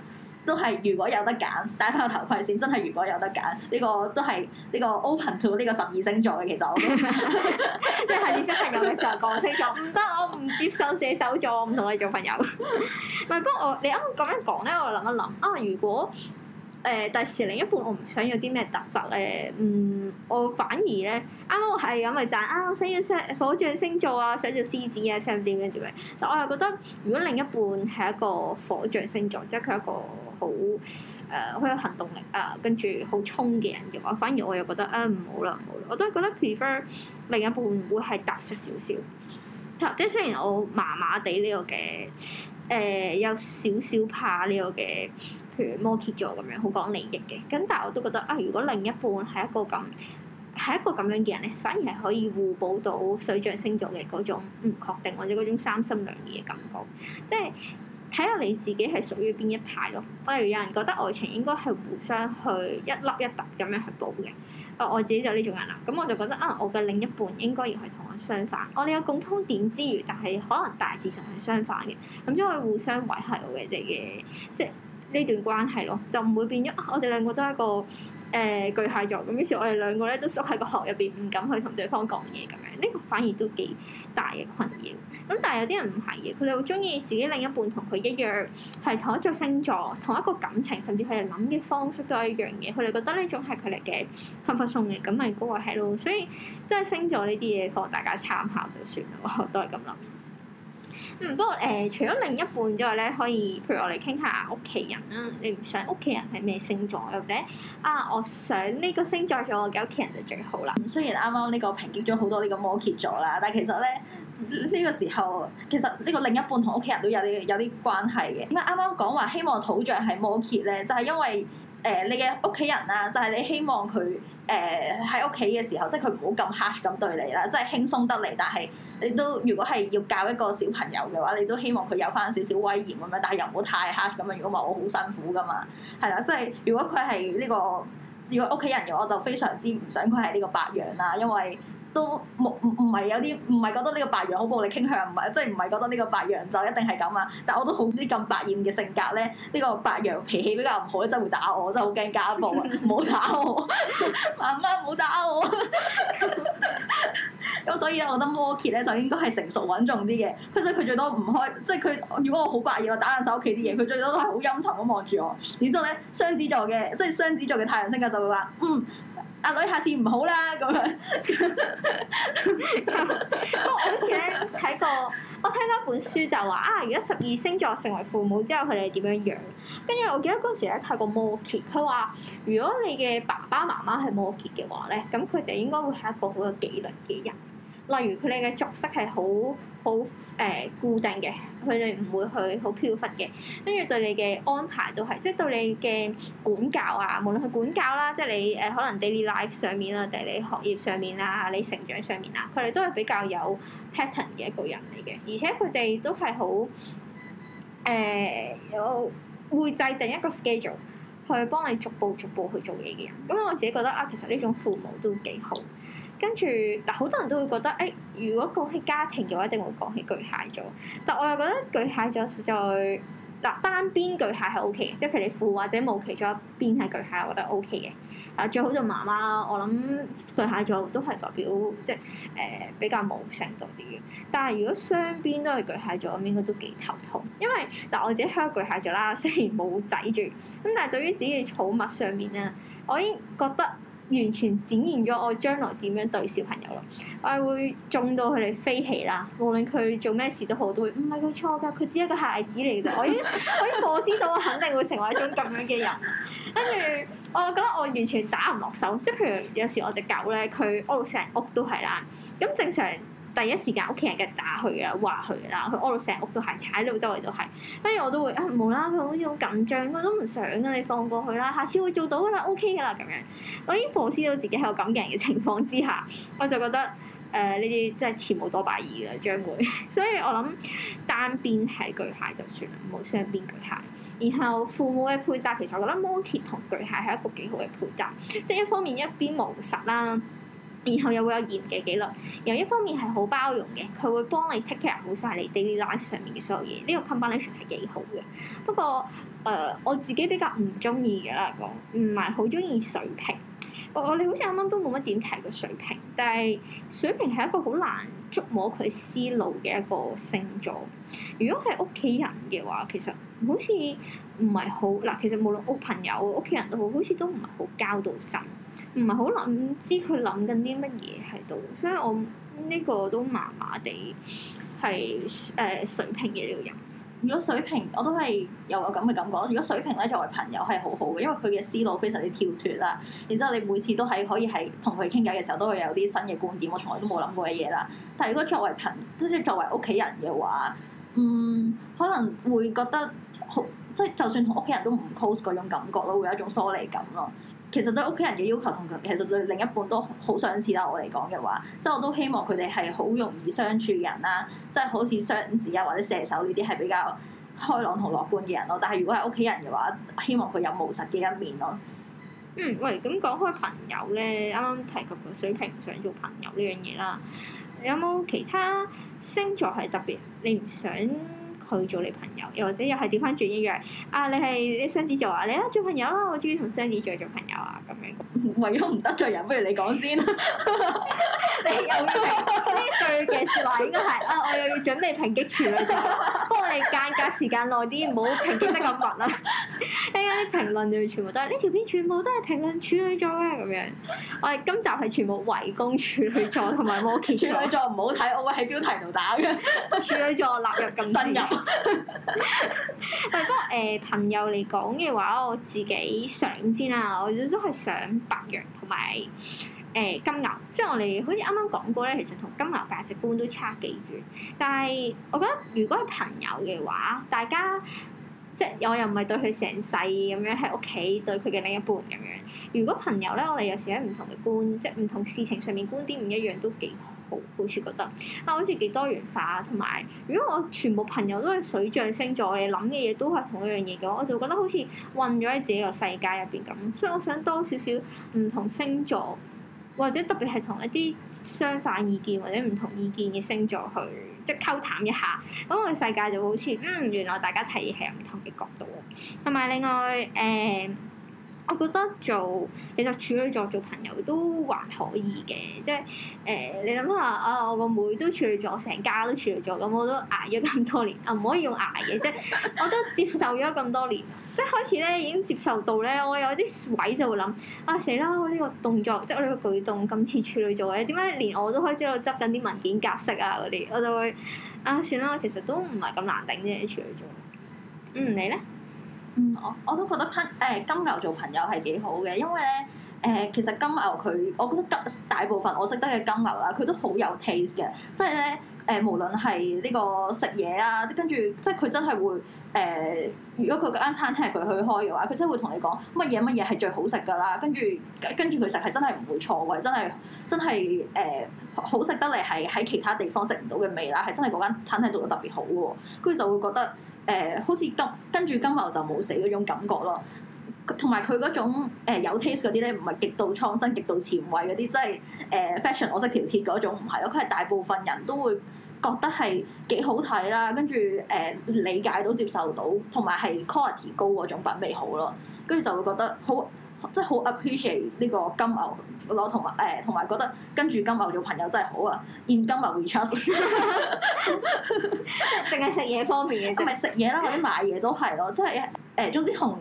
都係如果有得揀，戴翻個頭盔先。真係如果有得揀，呢、這個都係呢個 open to 呢個十二星座嘅。其實我 即係啲小朋友嘅時候講清楚，唔得，我唔接受射手座，唔同你做朋友。唔係不過我你啱啱咁樣講咧，我諗一諗啊。如果誒第時另一半我唔想要啲咩特質誒，嗯、啊，我反而咧啱啱我係咁咪就係啊，我想要火象星座啊，想要獅子啊，想點樣點樣。就我又覺得，如果另一半係一個火象星座，即係佢一個。好誒、呃，好有行動力啊，跟住好衝嘅人嘅話，反而我又覺得啊，唔好啦，唔好啦，我都係覺得 prefer 另一半會係踏實少少、嗯。即係雖然我麻麻地呢個嘅誒、呃，有少少怕呢個嘅，譬如摩羯座咁樣，好講利益嘅，咁但係我都覺得啊，如果另一半係一個咁係一個咁樣嘅人咧，反而係可以互補到水象星座嘅嗰種唔確定或者嗰種三心兩意嘅感覺，即係。睇下你自己係屬於邊一派咯，例如有人覺得愛情應該係互相去一凹一凸咁樣去補嘅，我我自己就呢種人啦，咁我就覺得啊、嗯，我嘅另一半應該要係同我相反，我、哦、哋有共通點之餘，但係可能大致上係相反嘅，咁就可以互相維繫我哋嘅即係。呢段關係咯，就唔會變咗啊！我哋兩個都係一個誒、呃、巨蟹座咁，於是我哋兩個咧都縮喺個殼入邊，唔敢去同對方講嘢咁樣，呢、這個反而都幾大嘅困擾。咁但係有啲人唔係嘅，佢哋好中意自己另一半同佢一樣，係同一個星座，同一個感情，甚至係諗嘅方式都係一樣嘅，佢哋覺得呢種係佢哋嘅分分鐘嘅，咁咪嗰個係咯。所以即係星座呢啲嘢，當大家參考就算啦，我都係咁諗。嗯，不過誒，除咗另一半之外咧，可以，譬如我哋傾下屋企人啦。你唔想屋企人係咩星座？或者啊，我想呢個星座做我嘅屋企人就最好啦。雖然啱啱呢個抨擊咗好多呢個摩羯座啦，但其實咧呢個時候，其實呢個另一半同屋企人都有啲有啲關係嘅。咁啊，啱啱講話希望土象係摩羯咧，就係因為誒你嘅屋企人啊，就係你希望佢。誒喺屋企嘅時候，即係佢唔好咁 harsh 咁對你啦，即係輕鬆得嚟。但係你都如果係要教一個小朋友嘅話，你都希望佢有返少少威嚴咁樣，但係又唔好太 harsh 咁樣。如果唔係我好辛苦㗎嘛，係啦。即係如果佢係呢個，如果屋企人嘅我就非常之唔想佢係呢個白羊啦，因為。都冇唔唔係有啲唔係覺得呢個白羊好暴力傾向，唔係即係唔係覺得呢個白羊就一定係咁啊！但係我都好啲咁百厭嘅性格咧，呢個白羊脾氣比較唔好，真係會打我，真係好驚家暴啊！唔好 打我，媽媽唔好打我。咁 所以咧，我覺得摩羯咧就應該係成熟穩重啲嘅。佢即係佢最多唔開，即係佢如果我好百厭，我打爛屋企啲嘢，佢最多都係好陰沉咁望住我。然之後咧，雙子座嘅即係雙子座嘅太陽星格就會話嗯。阿女下次唔好啦咁樣。不過我好似咧睇過，我睇過一本書就話啊，如果十二星座成為父母之後佢哋點樣養？跟住我記得嗰時咧睇過摩羯，佢話如果你嘅爸爸媽媽係摩羯嘅話咧，咁佢哋應該會係一個好有紀律嘅人，例如佢哋嘅作息係好，好誒、呃、固定嘅，佢哋唔會去好飄忽嘅，跟住對你嘅安排都係，即係對你嘅管教啊，無論係管教啦、啊，即係你誒、呃、可能 daily life 上面啦，定係你學業上面啦、啊，你成長上面啊，佢哋都係比較有 pattern 嘅一個人嚟嘅，而且佢哋都係好誒有會制定一個 schedule 去幫你逐步逐步去做嘢嘅人。咁我自己覺得啊，其實呢種父母都幾好。跟住嗱，好、啊、多人都會覺得，誒、欸，如果講起家庭嘅話，一定會講起巨蟹座。但我又覺得巨蟹座實在嗱、啊、單邊巨蟹係 O K 嘅，即係你父或者母其中一邊係巨蟹，我覺得 O K 嘅。但最好就媽媽啦，我諗巨蟹座都係代表即係誒、呃、比較母性多啲嘅。但係如果雙邊都係巨蟹座，咁應該都幾頭痛，因為嗱、啊、我自己係巨蟹座啦，雖然冇仔住，咁但係對於自己嘅寵物上面咧，我已經覺得。完全展現咗我將來點樣對小朋友啦！我係會縱到佢哋飛起啦，無論佢做咩事都好，都會唔係佢錯㗎，佢、嗯、只係一個孩子嚟啫。我已經我已經預知到，我肯定會成為一種咁樣嘅人。跟住 我覺得我完全打唔落手，即係譬如有時我隻狗咧，佢屙到成屋都係啦。咁正常。第一時間屋企人嘅打佢啊，話佢啦，佢屙到成屋都係，踩到周圍都係，跟住我都會啊、哎、無啦啦，佢好似好緊張，我都唔想啊，你放過去啦，下次會做到噶啦，OK 噶啦，咁樣。我已經放棄到自己喺個咁嘅人嘅情況之下，我就覺得誒呢啲真係前冇多百意啦，將會。所以我諗單邊係巨蟹就算啦，冇雙邊巨蟹。然後父母嘅配搭其實我覺得摩羯同巨蟹係一個幾好嘅配搭，即係一方面一邊磨實啦。然後又會有嚴嘅規律，有一方面係好包容嘅，佢會幫你 take care 好晒你 daily life 上面嘅所有嘢，呢個 combination 係幾好嘅。不過，誒、呃、我自己比較唔中意嘅啦，講唔係好中意水瓶。我哋好似啱啱都冇乜點提過水瓶，但係水瓶係一個好難捉摸佢思路嘅一個星座。如果係屋企人嘅話，其實好似唔係好嗱，其實無論屋朋友、屋企人都好，好似都唔係好交到心。唔係好諗知佢諗緊啲乜嘢喺度，所以我呢個都麻麻地係誒水瓶嘅呢個人。如果水瓶，我都係有個咁嘅感覺。如果水瓶咧，作為朋友係好好嘅，因為佢嘅思路非常之跳脱啦。然之後你每次都係可以係同佢傾偈嘅時候，都會有啲新嘅觀點，我從來都冇諗過嘅嘢啦。但係如果作為朋，即係作為屋企人嘅話，嗯，可能會覺得好即係就算同屋企人都唔 close 嗰種感覺咯，會有一種疏離感咯。其實對屋企人嘅要求同佢，其實對另一半都好相似啦。我嚟講嘅話，即係我都希望佢哋係好容易相處嘅人啦。即係好似雙子啊，或者射手呢啲係比較開朗同樂觀嘅人咯。但係如果係屋企人嘅話，希望佢有務實嘅一面咯。嗯，喂，咁講開朋友咧，啱啱提及個水瓶，唔想做朋友呢樣嘢啦，有冇其他星座係特別你唔想？去做你朋友，又或者又係調翻轉一樣啊，你係你雙子座啊，你 y、啊、啦，做朋友啦，我中意同雙子座做朋友啊，咁、啊、樣。為咗唔得罪人，不如你講先啦。 你又呢句嘅説話應該係啊，我又要準備抨擊處女座。不過我哋間隔時間耐啲，唔好抨擊得咁密啊！依家啲評論就全部都係呢條片全部都係評論處女座啊。咁樣。我哋今集係全部圍攻處女座同埋摩羯座。有有 處女座唔好睇，我會喺標題度打嘅。 處女座納入咁深入。不過誒朋友嚟講嘅話，我自己想先啊，我都係想。白羊同埋誒金牛，即係我哋好似啱啱講過咧，其實同金牛價值觀都差幾遠。但係我覺得如果係朋友嘅話，大家即係我又唔係對佢成世咁樣喺屋企對佢嘅另一半咁樣。如果朋友咧，我哋有時喺唔同嘅觀，即係唔同事情上面觀點唔一樣都幾好。好似覺得啊，好似幾多元化，同埋如果我全部朋友都係水象星座，你哋諗嘅嘢都係同一樣嘢嘅話，我就覺得好似混咗喺自己個世界入邊咁。所以我想多少少唔同星座，或者特別係同一啲相反意見或者唔同意見嘅星座去即係溝淡一下，咁我嘅世界就好似，嗯，原來大家睇嘢係有唔同嘅角度，同埋另外誒。呃我覺得做其實處女座做朋友都還可以嘅，即係誒、呃、你諗下啊，我個妹，妹都處女座，成家都處女座，咁我都捱咗咁多年啊，唔可以用捱嘅， 即係我都接受咗咁多年，即係開始咧已經接受到咧，我有啲位就會諗啊死啦，我呢個動作即係我呢個舉動咁似處女座嘅，點解連我都開始喺度執緊啲文件格式啊嗰啲，我就會啊算啦，其實都唔係咁難頂啫，處女座。嗯，你咧？嗯，我我都覺得 p e、呃、金牛做朋友係幾好嘅，因為咧誒、呃、其實金牛佢，我覺得大部分我識得嘅金牛啦，佢都好有 taste 嘅，即係咧誒無論係呢個食嘢啊，跟住即係佢真係會誒、呃，如果佢嗰間餐廳係佢去開嘅話，佢真係會同你講乜嘢乜嘢係最好食噶啦，跟住跟住佢食係真係唔會錯嘅，真係真係誒、呃、好食得嚟係喺其他地方食唔到嘅味啦，係真係嗰間餐廳做得特別好喎，跟住就會覺得。誒、呃、好似金跟住金牛就冇死嗰種感覺咯，同埋佢嗰種、呃、有 taste 嗰啲咧，唔係極度創新、極度前衞嗰啲，即係誒、呃、fashion 我識調節識條鐵嗰種唔係咯，佢係大部分人都會覺得係幾好睇啦，跟住誒、呃、理解到接受到，同埋係 quality 高嗰種品味好咯，跟住就會覺得好。即係好 appreciate 呢個金牛攞同埋誒同埋覺得跟住金牛做朋友真係好、呃呃、啊 In 金牛 we trust 即係淨係食嘢方面嘅，唔係食嘢啦，或者買嘢都係咯，即係誒，總之同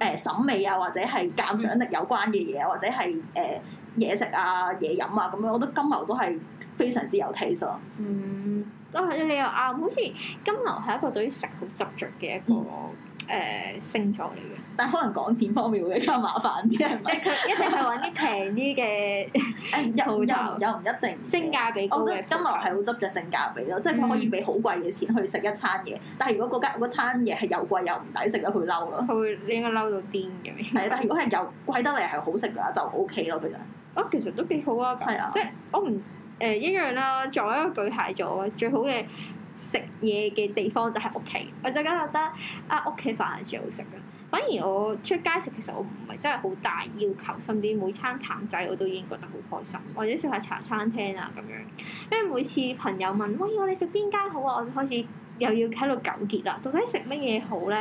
誒審美啊或者係鑑賞力有關嘅嘢，嗯、或者係誒嘢食啊嘢飲啊咁樣，我覺得金牛都係非常之有 taste 咯、嗯嗯啊。嗯，啊你又啱，好似金牛係一個對於食好執着嘅一個。嗯誒星、呃、座嚟嘅，但係可能講錢方面會比較麻煩啲，即一係一、， 嗯、一定係揾啲平啲嘅，又又又唔一定，哦、性價比高嘅。我覺得金牛係好執着性價比咯，即係佢可以俾好貴嘅錢去食一餐嘢，但係如果嗰、那、間、個那個、餐嘢係又貴又唔抵食咧，佢嬲咯。佢應該嬲到癲嘅。係啊，但係如果係又貴得嚟係好食嘅，就 OK 咯，其實。哦，其實都幾好啊，啊，即係我唔誒一樣啦。作為一個巨蟹座，最好嘅。食嘢嘅地方就係屋企，我就咁覺得啊，屋企飯係最好食嘅。反而我出街食，其實我唔係真係好大要求，甚至每餐淡仔我都已經覺得好開心。或者食下茶餐廳啊咁樣，跟住每次朋友問，喂，呀你食邊間好啊？我就開始又要喺度糾結啦。到底食乜嘢好咧？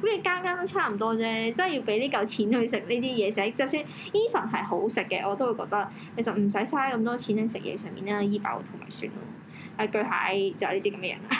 咁你間間都差唔多啫，真係要俾呢嚿錢去食呢啲嘢食。就算 even 係好食嘅，我都會覺得其實唔使嘥咁多錢喺食嘢上面啦，醫飽同埋算咯。係巨蟹就係呢啲咁嘅人啦。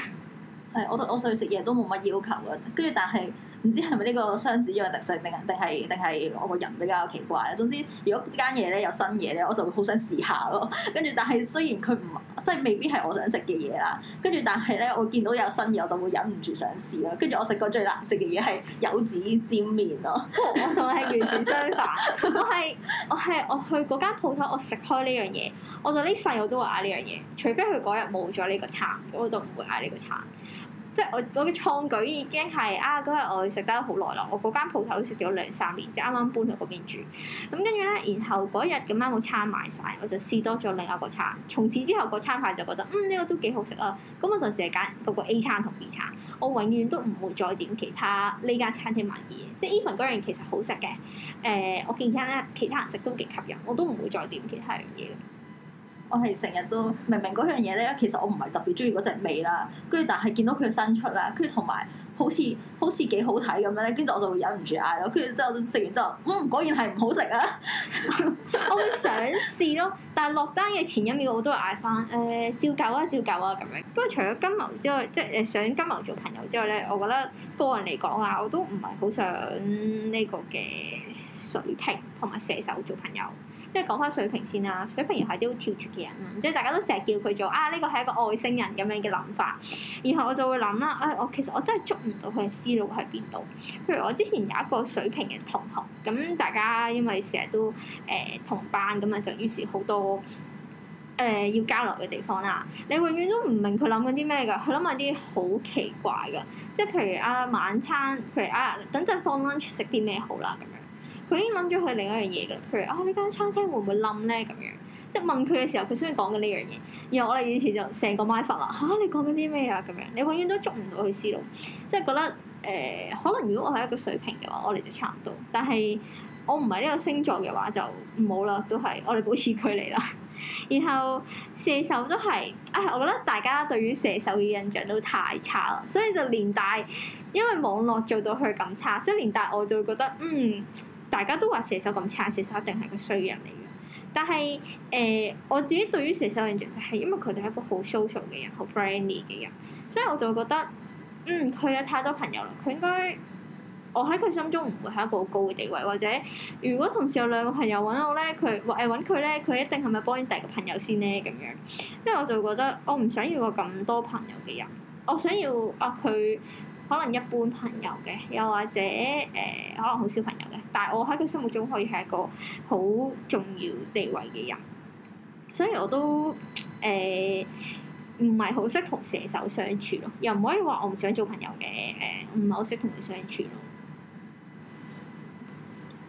係 我都我，我上去食嘢都冇乜要求嘅，跟住但係。唔知係咪呢個雙子座有特性，定係定係定係我個人比較奇怪？總之，如果間嘢咧有新嘢咧，我就會好想試下咯。跟住，但係雖然佢唔即係未必係我想食嘅嘢啦。跟住，但係咧，我見到有新嘢，我就會忍唔住想試咯。跟住、哦，我食過最難食嘅嘢係柚子沾麵咯。我同你係完全相反， 我係我係我去嗰間鋪頭，我食開呢樣嘢，我就呢世我都會嗌呢樣嘢，除非佢嗰日冇咗呢個餐，我就唔會嗌呢個餐。即係我我嘅創舉已經係啊，嗰日我食得好耐咯，我嗰間鋪頭食咗兩三年，即係啱啱搬去嗰邊住。咁跟住咧，然後嗰日咁啱我餐賣晒，我就試多咗另外一個餐。從此之後，個餐牌就覺得嗯呢、這個都幾好食啊。咁、嗯、我就只係揀嗰個 A 餐同 B 餐，我永遠都唔會再點其他呢間餐廳賣嘢。即係 even 嗰樣其實好食嘅，誒、呃、我見其他其他人食都幾吸引，我都唔會再點其他嘢。我係成日都明明嗰樣嘢咧，其實我唔係特別中意嗰隻味啦，跟住但係見到佢新出啦，跟住同埋好似好似幾好睇咁樣咧，跟住我就會忍唔住嗌咯，跟住之後食完之後，嗯，果然係唔好食啊！ 我會想試咯，但係落單嘅前一秒我都會嗌翻，誒、呃、照舊啊照舊啊咁樣。不過除咗金牛之外，即係誒想金牛做朋友之外咧，我覺得個人嚟講啊，我都唔係好想呢個嘅水瓶同埋射手做朋友。即係講返水平先啦，水平而係啲好跳脫嘅人，即係大家都成日叫佢做啊，呢個係一個外星人咁樣嘅諗法，然後我就會諗啦，唉、啊、我其實我真係捉唔到佢嘅思路喺邊度。譬如我之前有一個水平嘅同學，咁大家因為成日都誒、呃、同班咁啊，就於是好多誒、呃、要交流嘅地方啦。你永遠都唔明佢諗緊啲咩㗎，佢諗埋啲好奇怪㗎，即係譬如啊晚餐，譬如啊等陣放 lunch 食啲咩好啦。佢已經諗咗佢另一樣嘢㗎啦。譬如，啊，呢間餐廳會唔會冧咧？咁樣即係問佢嘅時候，佢先講緊呢樣嘢。然後我哋以前就成個麥佛啦嚇，你講緊啲咩啊？咁樣你永遠都捉唔到佢思路，即係覺得誒、呃，可能如果我係一個水平嘅話，我哋就差唔多。但係我唔係呢個星座嘅話，就唔好啦，都係我哋保持距離啦。然後射手都係啊、哎，我覺得大家對於射手嘅印象都太差啦，所以就連帶因為網絡做到佢咁差，所以連帶我就會覺得嗯。大家都話射手咁差，射手一定係個衰人嚟嘅。但係誒、呃，我自己對於射手嘅印象就係因為佢哋係一個好 social 嘅人，好 friendly 嘅人，所以我就會覺得，嗯，佢有太多朋友啦，佢應該我喺佢心中唔會係一個好高嘅地位。或者如果同時有兩個朋友揾我咧，佢誒揾佢咧，佢、呃、一定係咪幫第個朋友先咧咁樣？因為我就會覺得我唔想要個咁多朋友嘅人，我想要啊佢可能一般朋友嘅，又或者誒、呃、可能好少朋友嘅。但係我喺佢心目中可以係一個好重要地位嘅人，所以我都誒唔係好識同射手相處咯，又唔可以話我唔想做朋友嘅誒，唔係好識同佢相處咯。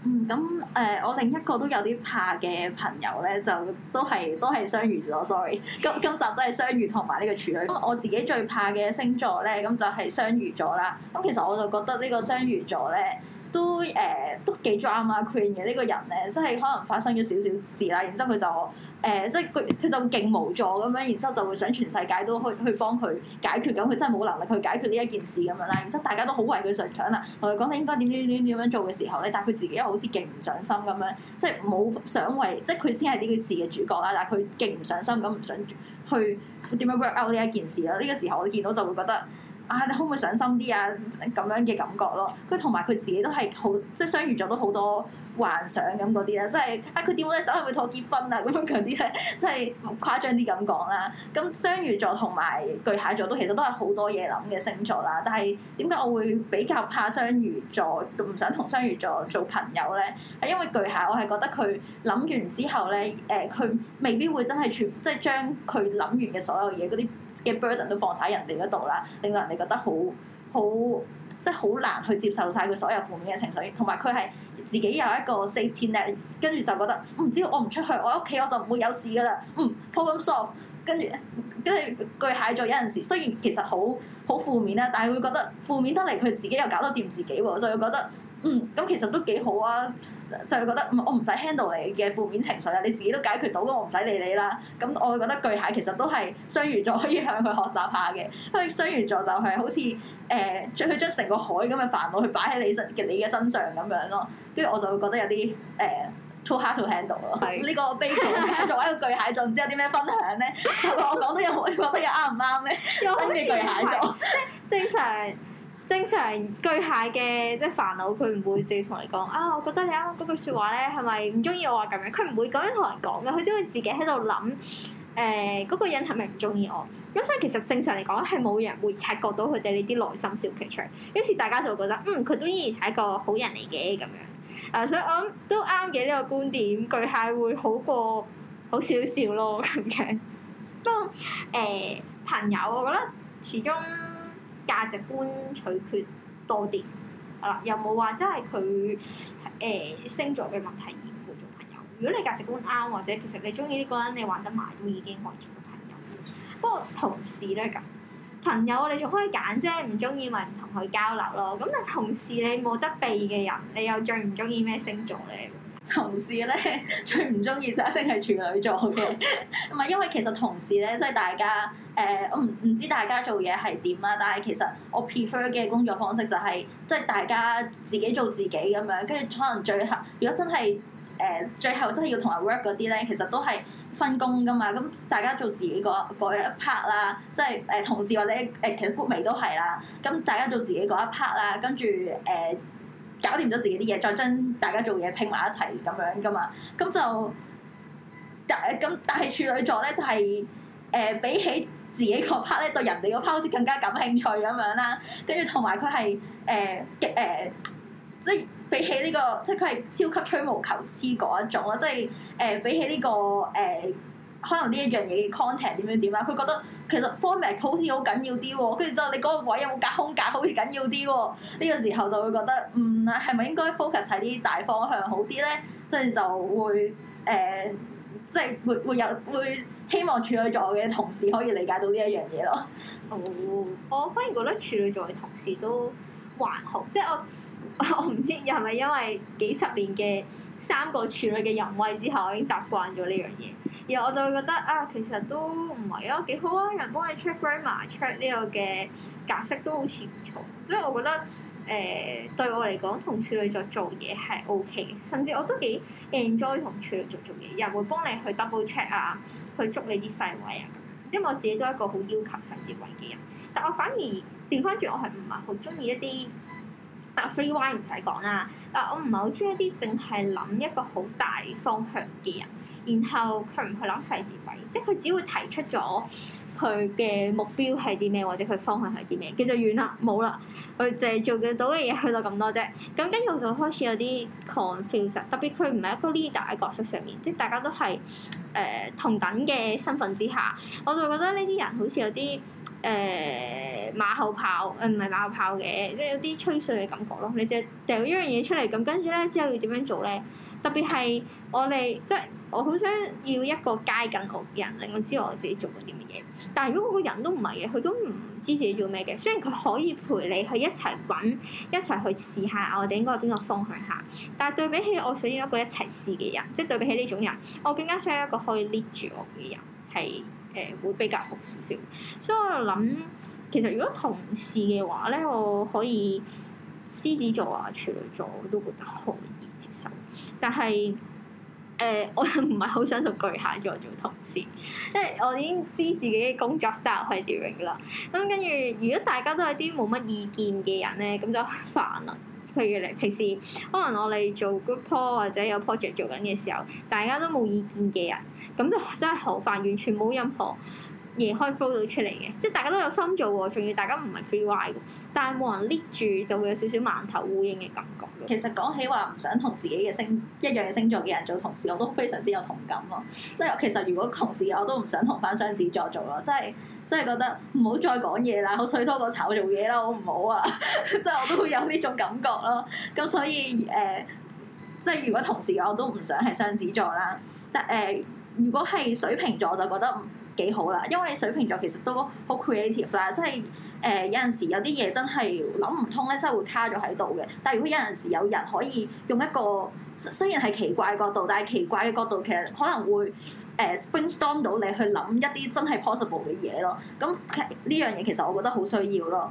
嗯，咁誒、呃，我另一個都有啲怕嘅朋友咧，就都係都係雙魚座，sorry，今 今集真係雙魚同埋呢個處女，因為我自己最怕嘅星座咧，咁就係雙魚座啦。咁其實我就覺得呢個雙魚座咧。都誒、呃、都幾 drama queen 嘅呢，這個人咧，即係可能發生咗少少事啦，然之後佢就誒、呃、即係佢佢就勁無助咁樣，然之後就會想全世界都可去幫佢解決咁，佢真係冇能力去解決呢一件事咁樣啦。然之後大家都好為佢着想啦，同佢講你應該點點點點樣做嘅時候咧，但係佢自己又好似勁唔上心咁樣，即係冇想為即係佢先係呢個事嘅主角啦，但係佢勁唔上心咁唔想去點樣 work out 呢一件事啦。呢，這個時候我見到就會覺得。啊！你可唔可以上心啲啊？咁樣嘅感覺咯，佢同埋佢自己都係好，即係雙魚座都好多幻想咁嗰啲啦，即係啊！佢點我隻手會同我結婚啊？咁樣嗰啲咧，即係誇張啲咁講啦。咁雙魚座同埋巨蟹座都其實都係好多嘢諗嘅星座啦。但係點解我會比較怕雙魚座，唔想同雙魚座做朋友咧？係因為巨蟹，我係覺得佢諗完之後咧，誒佢未必會真係全，即係將佢諗完嘅所有嘢嗰啲。嘅 burden 都放晒人哋嗰度啦，令到人哋覺得好，好即係好難去接受晒佢所有負面嘅情緒，同埋佢係自己有一個 safety net，跟住就覺得唔、嗯、知我唔出去，我屋企我就唔會有事噶啦。嗯，problem solved，跟住跟住巨蟹座有陣時，雖然其實好好負面咧，但係會覺得負面得嚟佢自己又搞得掂自己喎，就會覺得嗯咁其實都幾好啊。就會覺得，我唔使 handle 你嘅負面情緒啦，你自己都解決到，咁我唔使理你啦。咁我會覺得巨蟹其實都係雙魚座可以向佢學習下嘅，因為雙魚座就係好似誒，將佢將成個海咁嘅煩惱去擺喺你身，你嘅身上咁樣咯。跟住我就會覺得有啲誒、呃、too hard to handle 咯。呢是個悲劇。作為一個巨蟹座，唔知有啲咩分享咧？ 我講得有冇？覺得有啱唔啱咧？新嘅巨蟹座，即係 正常.。 正常巨蟹嘅即係煩惱，佢唔會自己同你講啊！我覺得你啱啱嗰句説話咧，係咪唔中意我啊咁樣？佢唔會咁樣同人講嘅，佢只會自己喺度諗，誒嗰個人係咪唔中意我？咁所以其實正常嚟講係冇人會察覺到佢哋呢啲內心小劇場。於是大家就會覺得，嗯，佢都依然係一個好人嚟嘅咁樣啊、呃！所以我諗都啱嘅呢個觀點，巨蟹會好過好少少咯咁嘅。不過誒朋友，我覺得始終。價值觀取決多啲，係啦，又冇話真係佢誒星座嘅問題而唔會做朋友。如果你價值觀啱，或者其實你中意呢個人，你玩得埋都已經可以做朋友。不過同事都係咁，朋友你仲可以揀啫，唔中意咪唔同佢交流咯。咁但同事你冇得避嘅人，你又最唔中意咩星座咧？同事咧最唔中意首先係處女座嘅，唔係 因為其實同事咧即係大家。誒、呃，我唔唔知大家做嘢係點啦，但係其實我 prefer 嘅工作方式就係即係大家自己做自己咁樣，跟住可能最後，如果真係誒、呃、最後真係要同人 work 嗰啲咧，其實都係分工噶嘛。咁大家做自己嗰一 part 啦，即係誒、呃、同事或者誒、呃、其實 t 美都係啦。咁大家做自己嗰一 part 啦，跟住誒搞掂咗自己啲嘢，再將大家做嘢拼埋一齊咁樣噶嘛。咁就誒咁，呃、但係處女座咧就係、是、誒、呃、比起。自己個 part 咧對人哋個 part 好似更加感興趣咁樣啦，跟住同埋佢係誒誒，即係比起呢、這個，即係佢係超級吹毛求疵嗰一種啦，即係誒、呃、比起呢、這個誒、呃，可能呢一樣嘢 content 點樣點啦，佢覺得其實 format 好似好緊要啲喎，跟住之後你嗰個位有冇隔空格好似緊要啲喎，呢、這個時候就會覺得嗯，係咪應該 focus 喺啲大方向好啲咧？即、就、係、是、就會誒。呃即係會會有會希望處女座嘅同事可以理解到呢一樣嘢咯。哦，我反而覺得處女座嘅同事都還好，即係我我唔知係咪因為幾十年嘅三個處女嘅人位之後，我已經習慣咗呢樣嘢。然後我就會覺得啊，其實都唔係啊，幾好啊，人幫你 check grammar check 呢個嘅格式都好似唔錯，所以我覺得。誒、呃、對我嚟講，同處女座做嘢係 OK 嘅，甚至我都幾 enjoy 同處女座做嘢，人會幫你去 double check 啊，去捉你啲細位啊。因為我自己都係一個好要求細節位嘅人，但我反而調翻轉，我係唔係好中意一啲，嗱、啊、free way 唔使講啦，嗱我唔係好中意一啲淨係諗一個好大方向嘅人，然後佢唔去諗細節位，即係佢只會提出咗。佢嘅目標係啲咩，或者佢方向係啲咩，佢就完啦，冇啦。佢淨係做嘅到嘅嘢，去到咁多啫。咁跟住我就開始有啲 confused，特別佢唔係一個 leader 嘅角色上面，即係大家都係誒、呃、同等嘅身份之下，我就覺得呢啲人好似有啲誒、呃、馬後炮，誒唔係馬後炮嘅，即係有啲吹水嘅感覺咯。你就掉一樣嘢出嚟，咁跟住咧之後要點樣做咧？特別係我哋即係。我好想要一個跟緊我嘅人，令我知我自己做緊啲乜嘢。但係如果個人都唔係嘅，佢都唔知自己做咩嘅。雖然佢可以陪你去一齊揾，一齊去試下、啊、我哋應該係邊個方向下。但係對比起我想要一個一齊試嘅人，即係對比起呢種人，我更加想要一個可以 lead 住我嘅人，係誒、呃、會比較好少少。所以我諗，其實如果同事嘅話咧，我可以獅子座啊、處女座我都覺得可以接受，但係。誒、呃，我唔係好想同巨蟹座做同事，即係我已經知自己嘅工作 style 係點樣㗎啦。咁跟住，如果大家都係啲冇乜意見嘅人咧，咁就煩啦。譬如你平時，可能我哋做 group call 或者有 project 做緊嘅時候，大家都冇意見嘅人，咁就真係好煩，完全冇任何。嘢可以 f 到出嚟嘅，即係大家都有心做喎，仲要大家唔係 free ride，但係冇人捏住就會有少少盲頭烏蠅嘅感覺。其實講起話唔想同自己嘅星一樣嘅星座嘅人做同事，我都非常之有同感咯。即係其實如果同事我都唔想同返雙子座做咯，即係即係覺得唔好再講嘢啦，好水多過炒做嘢啦，好唔好啊？即 係我都會有呢種感覺咯。咁所以誒、呃，即係如果同事我都唔想係雙子座啦，但誒、呃、如果係水瓶座就覺得。幾好啦，因為水瓶座其實都好 creative 啦，即係誒、呃、有陣時有啲嘢真係諗唔通咧，真係會卡咗喺度嘅。但係如果有陣時有人可以用一個雖然係奇怪角度，但係奇怪嘅角度其實可能會呃、brainstorm 到你去諗一啲真係 possible 嘅嘢咯。咁呢樣嘢其實我覺得好需要咯。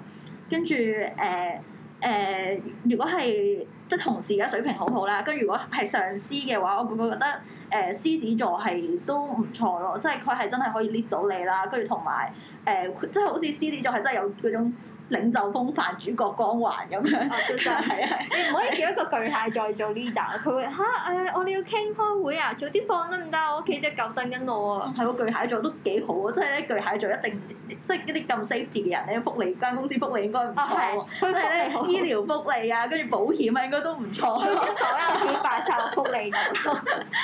跟住誒、呃誒、呃，如果係即同事而家水平好好啦，跟住如果係上司嘅話，我會覺得誒獅、呃、子座係都唔錯咯，即係佢係真係可以 lead 到你啦，跟住同埋誒，即係好似獅子座係真係有嗰種。領袖風範、主角光環咁樣，係啊、哦， 是你唔可以叫一個巨蟹座做 leader。 佢會嚇誒，我哋要傾開會啊，早啲放得唔得？我屋企隻狗等緊我啊。係個巨蟹座都幾好啊！即係咧，巨蟹座一定即係一啲咁 safe 嘅人咧，福利間公司福利應該唔錯。啊係、哦，佢哋咧醫療福利啊，跟住、啊、保險啊，應該都唔錯。佢將所有錢擺晒福利度，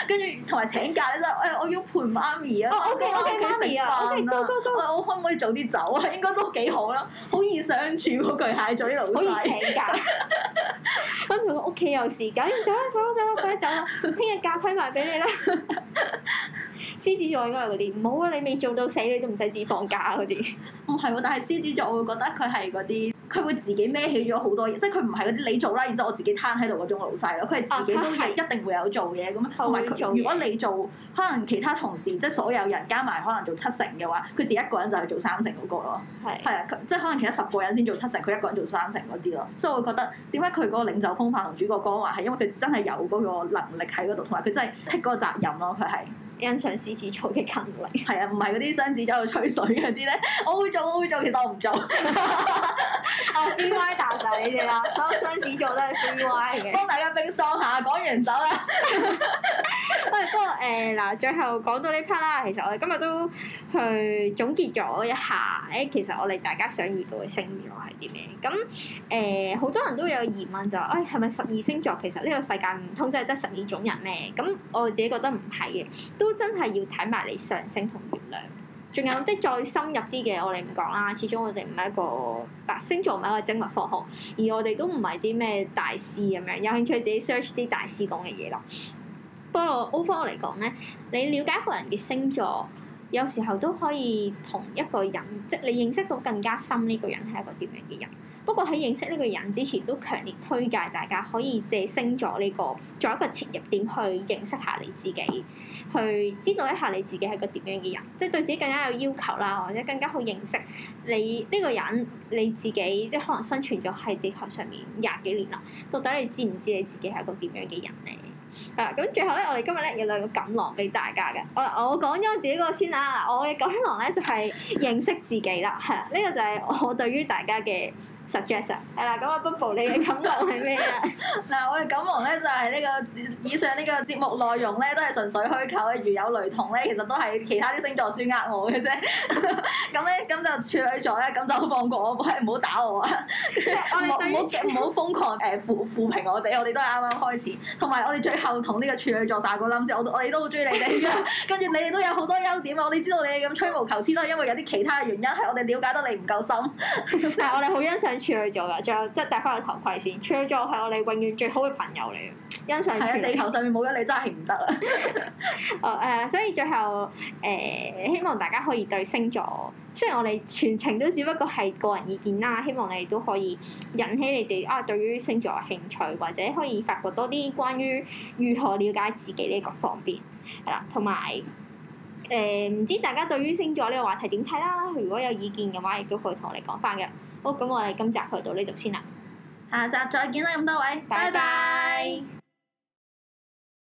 跟住同埋請假咧都誒，我要陪媽咪啊。Oh, OK OK，媽咪啊，OK，哥哥哥，okay, go, go, go. 我可唔可以早啲走啊？應該都幾好啦、啊，好現實。相處好，巨蟹座老細，可以請假。咁同屋企有時間、 啊，走啦、啊、走啦、啊、走啦走啦，聽日假批埋俾你啦。 獅子座應該係嗰啲，唔好啊！你未做到死，你都唔使自己放假嗰、啊、啲。唔係喎，但係獅子座我會覺得佢係嗰啲。佢會自己孭起咗好多嘢，即係佢唔係啲你做啦，然之後我自己攤喺度嗰種老細咯，佢係自己都係一定會有做嘢。咁同埋佢如果你做，可能其他同事即係所有人加埋可能做七成嘅話，佢自己一個人就係做三成嗰個咯，係係啊，即係可能其他十個人先做七成，佢一個人做三成嗰啲咯，所以我覺得點解佢嗰個領袖風範同主角光環係因為佢真係有嗰個能力喺嗰度，同埋佢真係 take 嗰個責任咯，佢係。欣賞獅子座嘅勤力係啊，唔係嗰啲雙子座吹水嗰啲咧。我會做，我會做，其實我唔做。我卑微答就你哋啦，所有雙子座都係卑微嘅。幫大家冰爽下，講完走啦。不過誒嗱，最後講到呢 part 啦，其實我哋今日都去總結咗一下誒，其實我哋大家想遇到嘅星座係啲咩？咁誒好多人都有疑問就話，誒係咪十二星座其實呢個世界唔通真係得十二種人咩？咁我自己覺得唔係嘅。都真係要睇埋你上升同月亮，仲有即再深入啲嘅，我哋唔講啦。始終我哋唔係一個白星座，唔係一個精密科學，而我哋都唔係啲咩大師咁樣。有興趣自己 search 啲大師講嘅嘢咯。不過 overall 嚟講咧，你了解一個人嘅星座。有時候都可以同一個人，即係你認識到更加深呢個人係一個點樣嘅人。不過喺認識呢個人之前，都強烈推介大家可以借星座呢個作為一個切入點去認識下你自己，去知道一下你自己係個點樣嘅人，即係對自己更加有要求啦，或者更加好認識你呢個人你自己，即係可能生存咗喺地球上面廿幾年啦，到底你知唔知你自己係一個點樣嘅人咧？係啦，咁、嗯、最後咧，我哋今日咧有兩個錦囊俾大家嘅。我我講咗我自己嗰個先啦，我嘅錦囊咧就係、是、認識自己啦。係、嗯、啦，呢、這個就係我對於大家嘅。suggest 啊，係、嗯、啦，咁啊 bubble 你嘅感覺係咩啊？嗱、 呃，我哋感覺咧就係、是、呢、這個以上呢個節目內容咧都係純粹虛構嘅，如有雷同咧，其實都係其他啲星座書呃我嘅啫。咁咧咁就處女座咧，咁就放過我，唔好打我啊！唔好唔好極瘋狂誒負負評我哋，我哋都係啱啱開始，同埋我哋最後同呢個處女座曬個諗先，我我哋都好中意你哋嘅，跟住你哋都有好多優點啊！我哋知道你哋咁吹毛求疵都係因為有啲其他嘅原因，係我哋瞭解得你唔夠深。但係我哋好欣賞。處女座噶，最後即係戴翻個頭盔先。處女座係我哋永遠最好嘅朋友嚟，欣賞。地球上面冇咗你真係唔得啊！誒、 呃，所以最後誒、呃，希望大家可以對星座，雖然我哋全程都只不過係個人意見啦，希望你哋都可以引起你哋啊，對於星座嘅興趣或者可以發掘多啲關於如何了解自己呢個方面係啦，同埋。誒、呃、唔知大家對於星座呢個話題點睇啦？如果有意見嘅話，亦都可以同我哋講翻嘅。好，咁我哋今集去到呢度先啦。下集再見啦！咁多位，bye bye 拜拜。